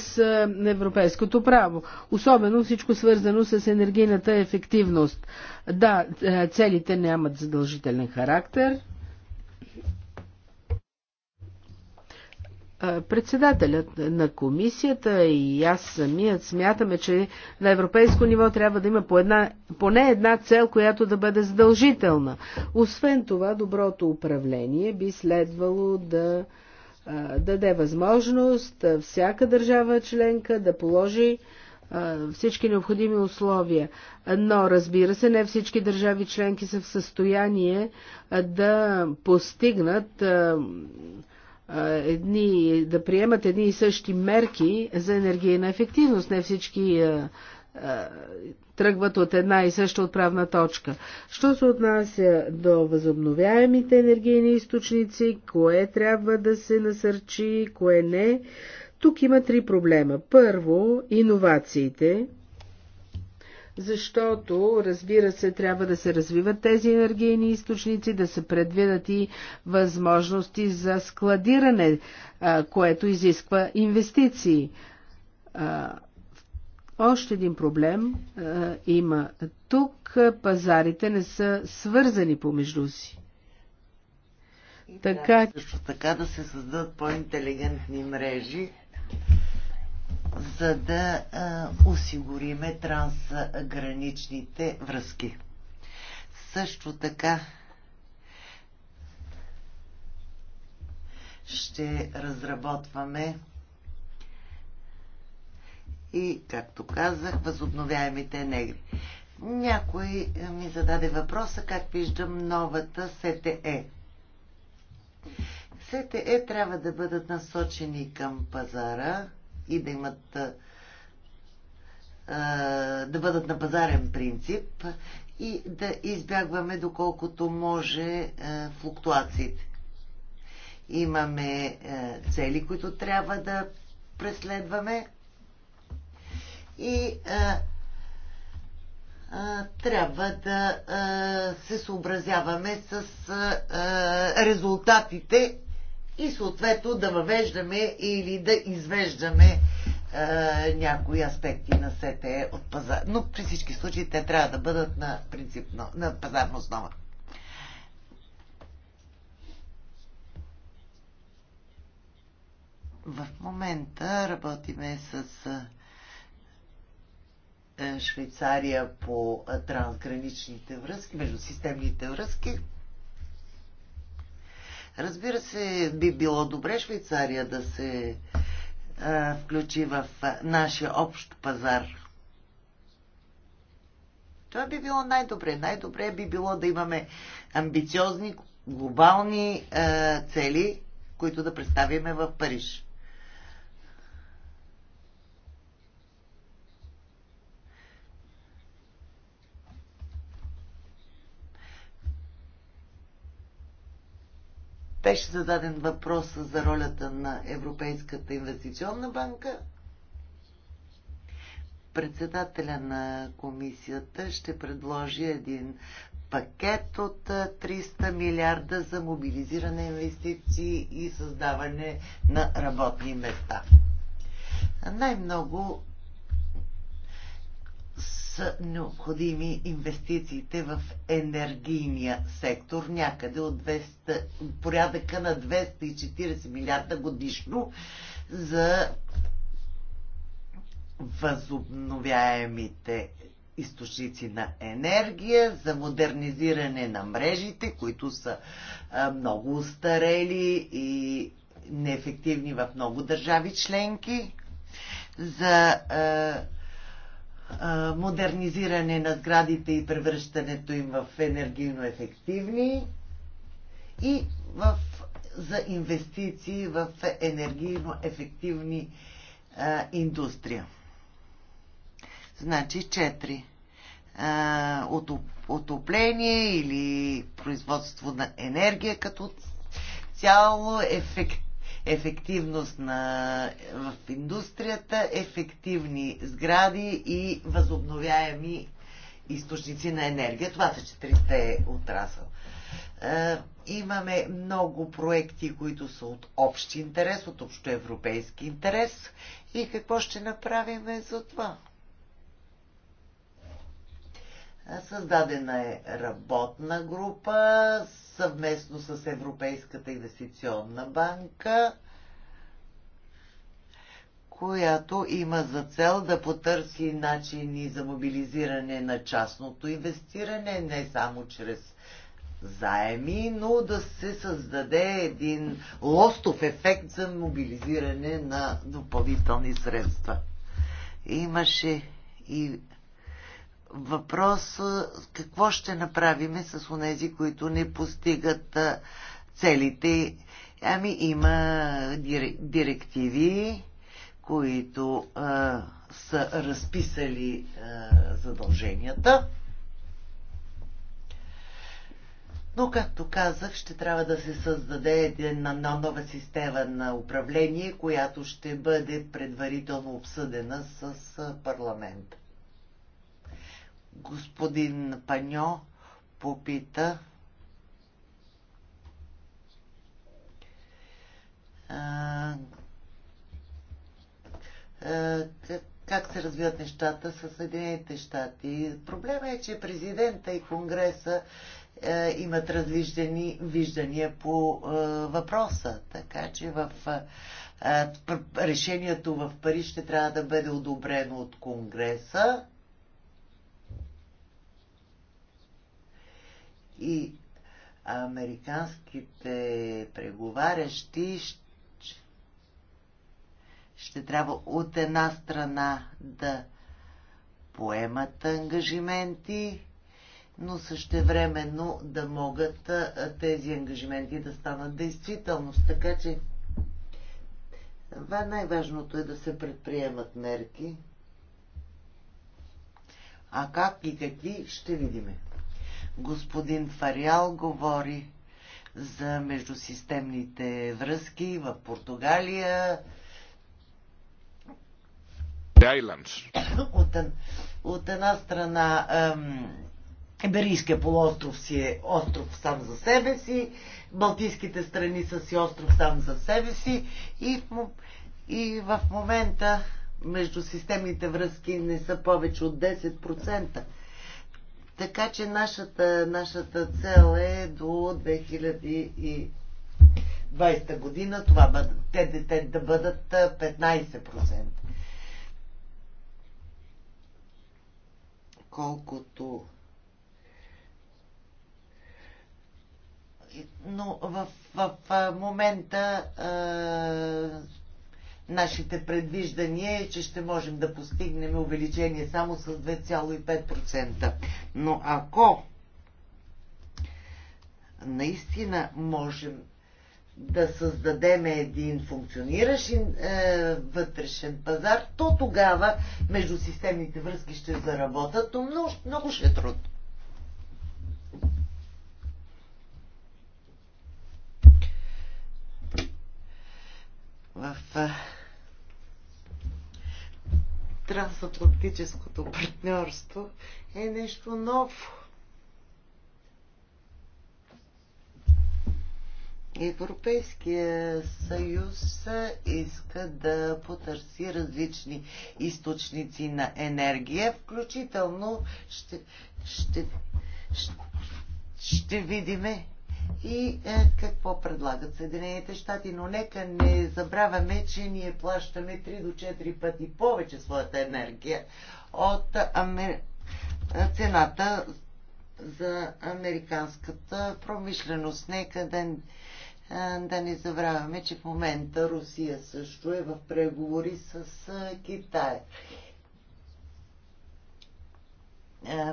европейското право, особено всичко свързано с енергийната ефективност. Да, целите нямат задължителен характер, Председателят на комисията и аз самият смятаме, че на европейско ниво трябва да има по една, поне една цел, която да бъде задължителна. Освен това, доброто управление би следвало да даде възможност всяка държава членка да положи всички необходими условия. Но, разбира се, не всички държави членки са в състояние да постигнат едни, да приемат едни и същи мерки за енергийна ефективност. Не всички тръгват от една и съща отправна точка. Що се отнася до възобновяемите енергийни източници, кое трябва да се насърчи, кое не, тук има три проблема. Първо, иновациите, защото, разбира се, трябва да се развиват тези енергийни източници, да се предвидат и възможности за складиране, което изисква инвестиции. Още един проблем има тук. Пазарите не са свързани помежду си. Така... Също така да се създадат по-интелигентни мрежи, за да осигуриме трансграничните връзки. Също така ще разработваме и, както казах, възобновяемите негри. Някой ми зададе въпроса как виждам новата СТЕ. СТЕ трябва да бъдат насочени към пазара, и да имат да бъдат на пазарен принцип и да избягваме доколкото може флуктуациите. Имаме цели, които трябва да преследваме и трябва да се съобразяваме с резултатите и съответно да въвеждаме или да извеждаме е, някои аспекти на СТЕ от пазар. Но при всички случаи те трябва да бъдат на, принципно, на пазарна основа. В момента работиме с е, Швейцария по е, трансграничните връзки, между системните връзки. Разбира се, би било добре Швейцария да се а, включи в нашия общ пазар. Това би било най-добре. Най-добре би било да имаме амбициозни глобални а, цели, които да представиме в Париж. Беше зададен въпрос за ролята на Европейската инвестиционна банка. Председателя на комисията ще предложи един пакет от 300 милиарда за мобилизиране инвестиции и създаване на работни места. Най-много са необходими инвестициите в енергийния сектор, някъде от 200, порядъка на 240 милиарда годишно за възобновяемите източници на енергия, за модернизиране на мрежите, които са много устарели и неефективни в много държави членки, за модернизиране на сградите и превръщането им в енергийно ефективни и в, за инвестиции в енергийно ефективни а, индустрия. Значи 4. А, отопление или производство на енергия като цяло, ефект, ефективност на, в индустрията, ефективни сгради и възобновяеми източници на енергия. Това са четирите отрасъл. Е, имаме много проекти, които са от общ интерес, от общо европейски интерес. И какво ще направим за това? Създадена е работна група съвместно с Европейската инвестиционна банка, която има за цел да потърси начини за мобилизиране на частното инвестиране, не само чрез заеми, но да се създаде един лостов ефект за мобилизиране на допълнителни средства. Имаше и въпрос какво ще направиме с онези, които не постигат целите. Ами има директиви, които а, са разписали а, задълженията. Но, както казах, ще трябва да се създаде една нова система на управление, която ще бъде предварително обсъдена с парламента господин Паньо попита а, а, как се развиват нещата с Съединените щати. Проблема е, че президента и Конгреса е, имат различни виждания по е, въпроса. Така че в е, решението в Париж ще трябва да бъде одобрено от Конгреса и американските преговарящи ще, ще трябва от една страна да поемат ангажименти, но същевременно да могат тези ангажименти да станат действителност. Така че най-важното е да се предприемат мерки. А как и какви ще видиме господин Фариал говори за междусистемните връзки в Португалия. От, от една страна Еберийския полуостров си е остров сам за себе си, Балтийските страни са си остров сам за себе си и в, и в момента междусистемните връзки не са повече от 10%. Така че нашата, нашата цел е до 2020 година това бъдат, те, те да бъдат 15%. Колкото но в, в, в момента а, нашите предвиждания е, че ще можем да постигнем увеличение само с 2,5%. Но ако наистина можем да създадем един функциониращ е, вътрешен пазар, то тогава между системните връзки ще заработят, но много, много ще е трудно. В е, трансатлантическото партньорство е нещо ново. Европейския съюз иска да потърси различни източници на енергия, включително ще, ще, ще, ще видиме и е, какво предлагат Съединените щати. Но нека не забравяме, че ние плащаме 3 до 4 пъти повече своята енергия от амер... цената за американската промишленост. Нека да, е, да не забравяме, че в момента Русия също е в преговори с е, Китай. Е,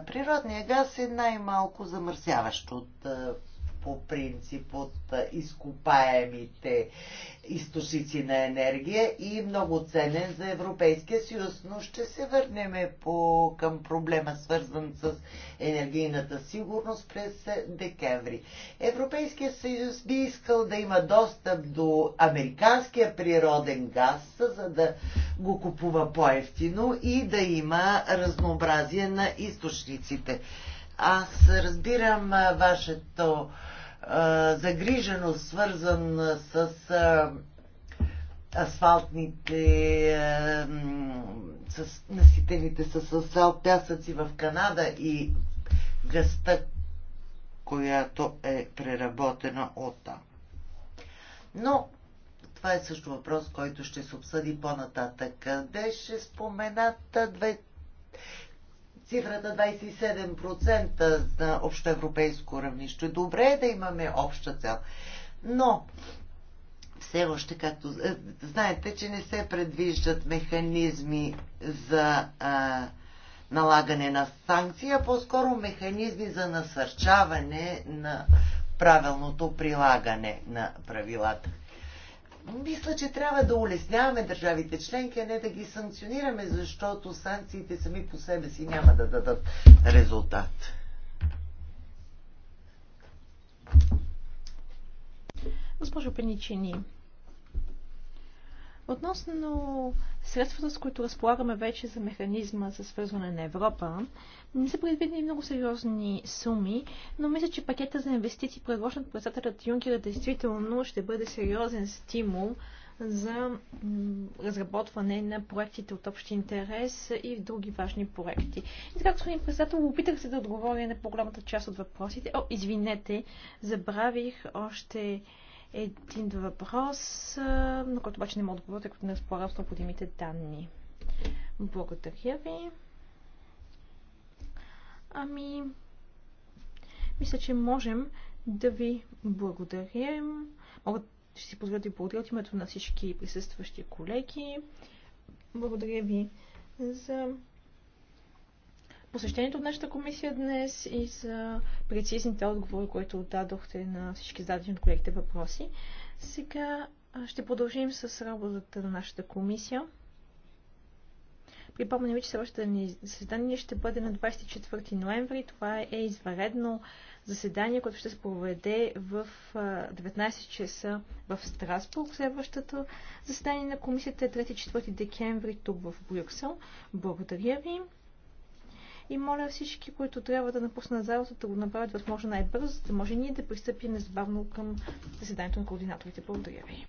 природният газ е най-малко замърсяващ от по принцип от изкопаемите източници на енергия и много ценен за Европейския съюз. Но ще се върнем по, към проблема, свързан с енергийната сигурност през декември. Европейския съюз би искал да има достъп до американския природен газ, за да го купува по-ефтино и да има разнообразие на източниците. Аз разбирам вашето загриженост, свързан с асфалтните, с наситените с асфалт пясъци в Канада и гъста, която е преработена от там. Но това е също въпрос, който ще се обсъди по-нататък. Беше спомената две, цифрата 27% на общоевропейско равнище. Добре е да имаме обща цел. Но все още, както е, знаете, че не се предвиждат механизми за а, налагане на санкции, а по-скоро механизми за насърчаване на правилното прилагане на правилата мисля, че трябва да улесняваме държавите членки, а не да ги санкционираме, защото санкциите сами по себе си няма да дадат резултат. Госпожо Пеничини, Относно средствата, с които разполагаме вече за механизма за свързване на Европа, не са предвидени много сериозни суми, но мисля, че пакета за инвестиции, предложен от председателят Юнкера, действително ще бъде сериозен стимул за разработване на проектите от общ интерес и други важни проекти. И така, господин председател, опитах се да отговоря на по-голямата част от въпросите. О, извинете, забравих още един въпрос, на който обаче не мога да отговоря, тъй като не разполагам с необходимите данни. Благодаря ви. Ами, мисля, че можем да ви благодарим. Мога, ще си позволя да ви благодаря от името на всички присъстващи колеги. Благодаря ви за посещението от нашата комисия днес и за прецизните отговори, които дадохте на всички зададени от колегите въпроси. Сега ще продължим с работата на нашата комисия. Припомням ви, че следващото ни заседание ще бъде на 24 ноември. Това е извънредно заседание, което ще се проведе в 19 часа в Страсбург. Следващото заседание на комисията е 3-4 декември тук в Брюксел. Благодаря ви и моля всички, които трябва да напуснат залата, да го направят възможно най-бързо, за да може ние да пристъпим незабавно към заседанието на координаторите. Благодаря ви.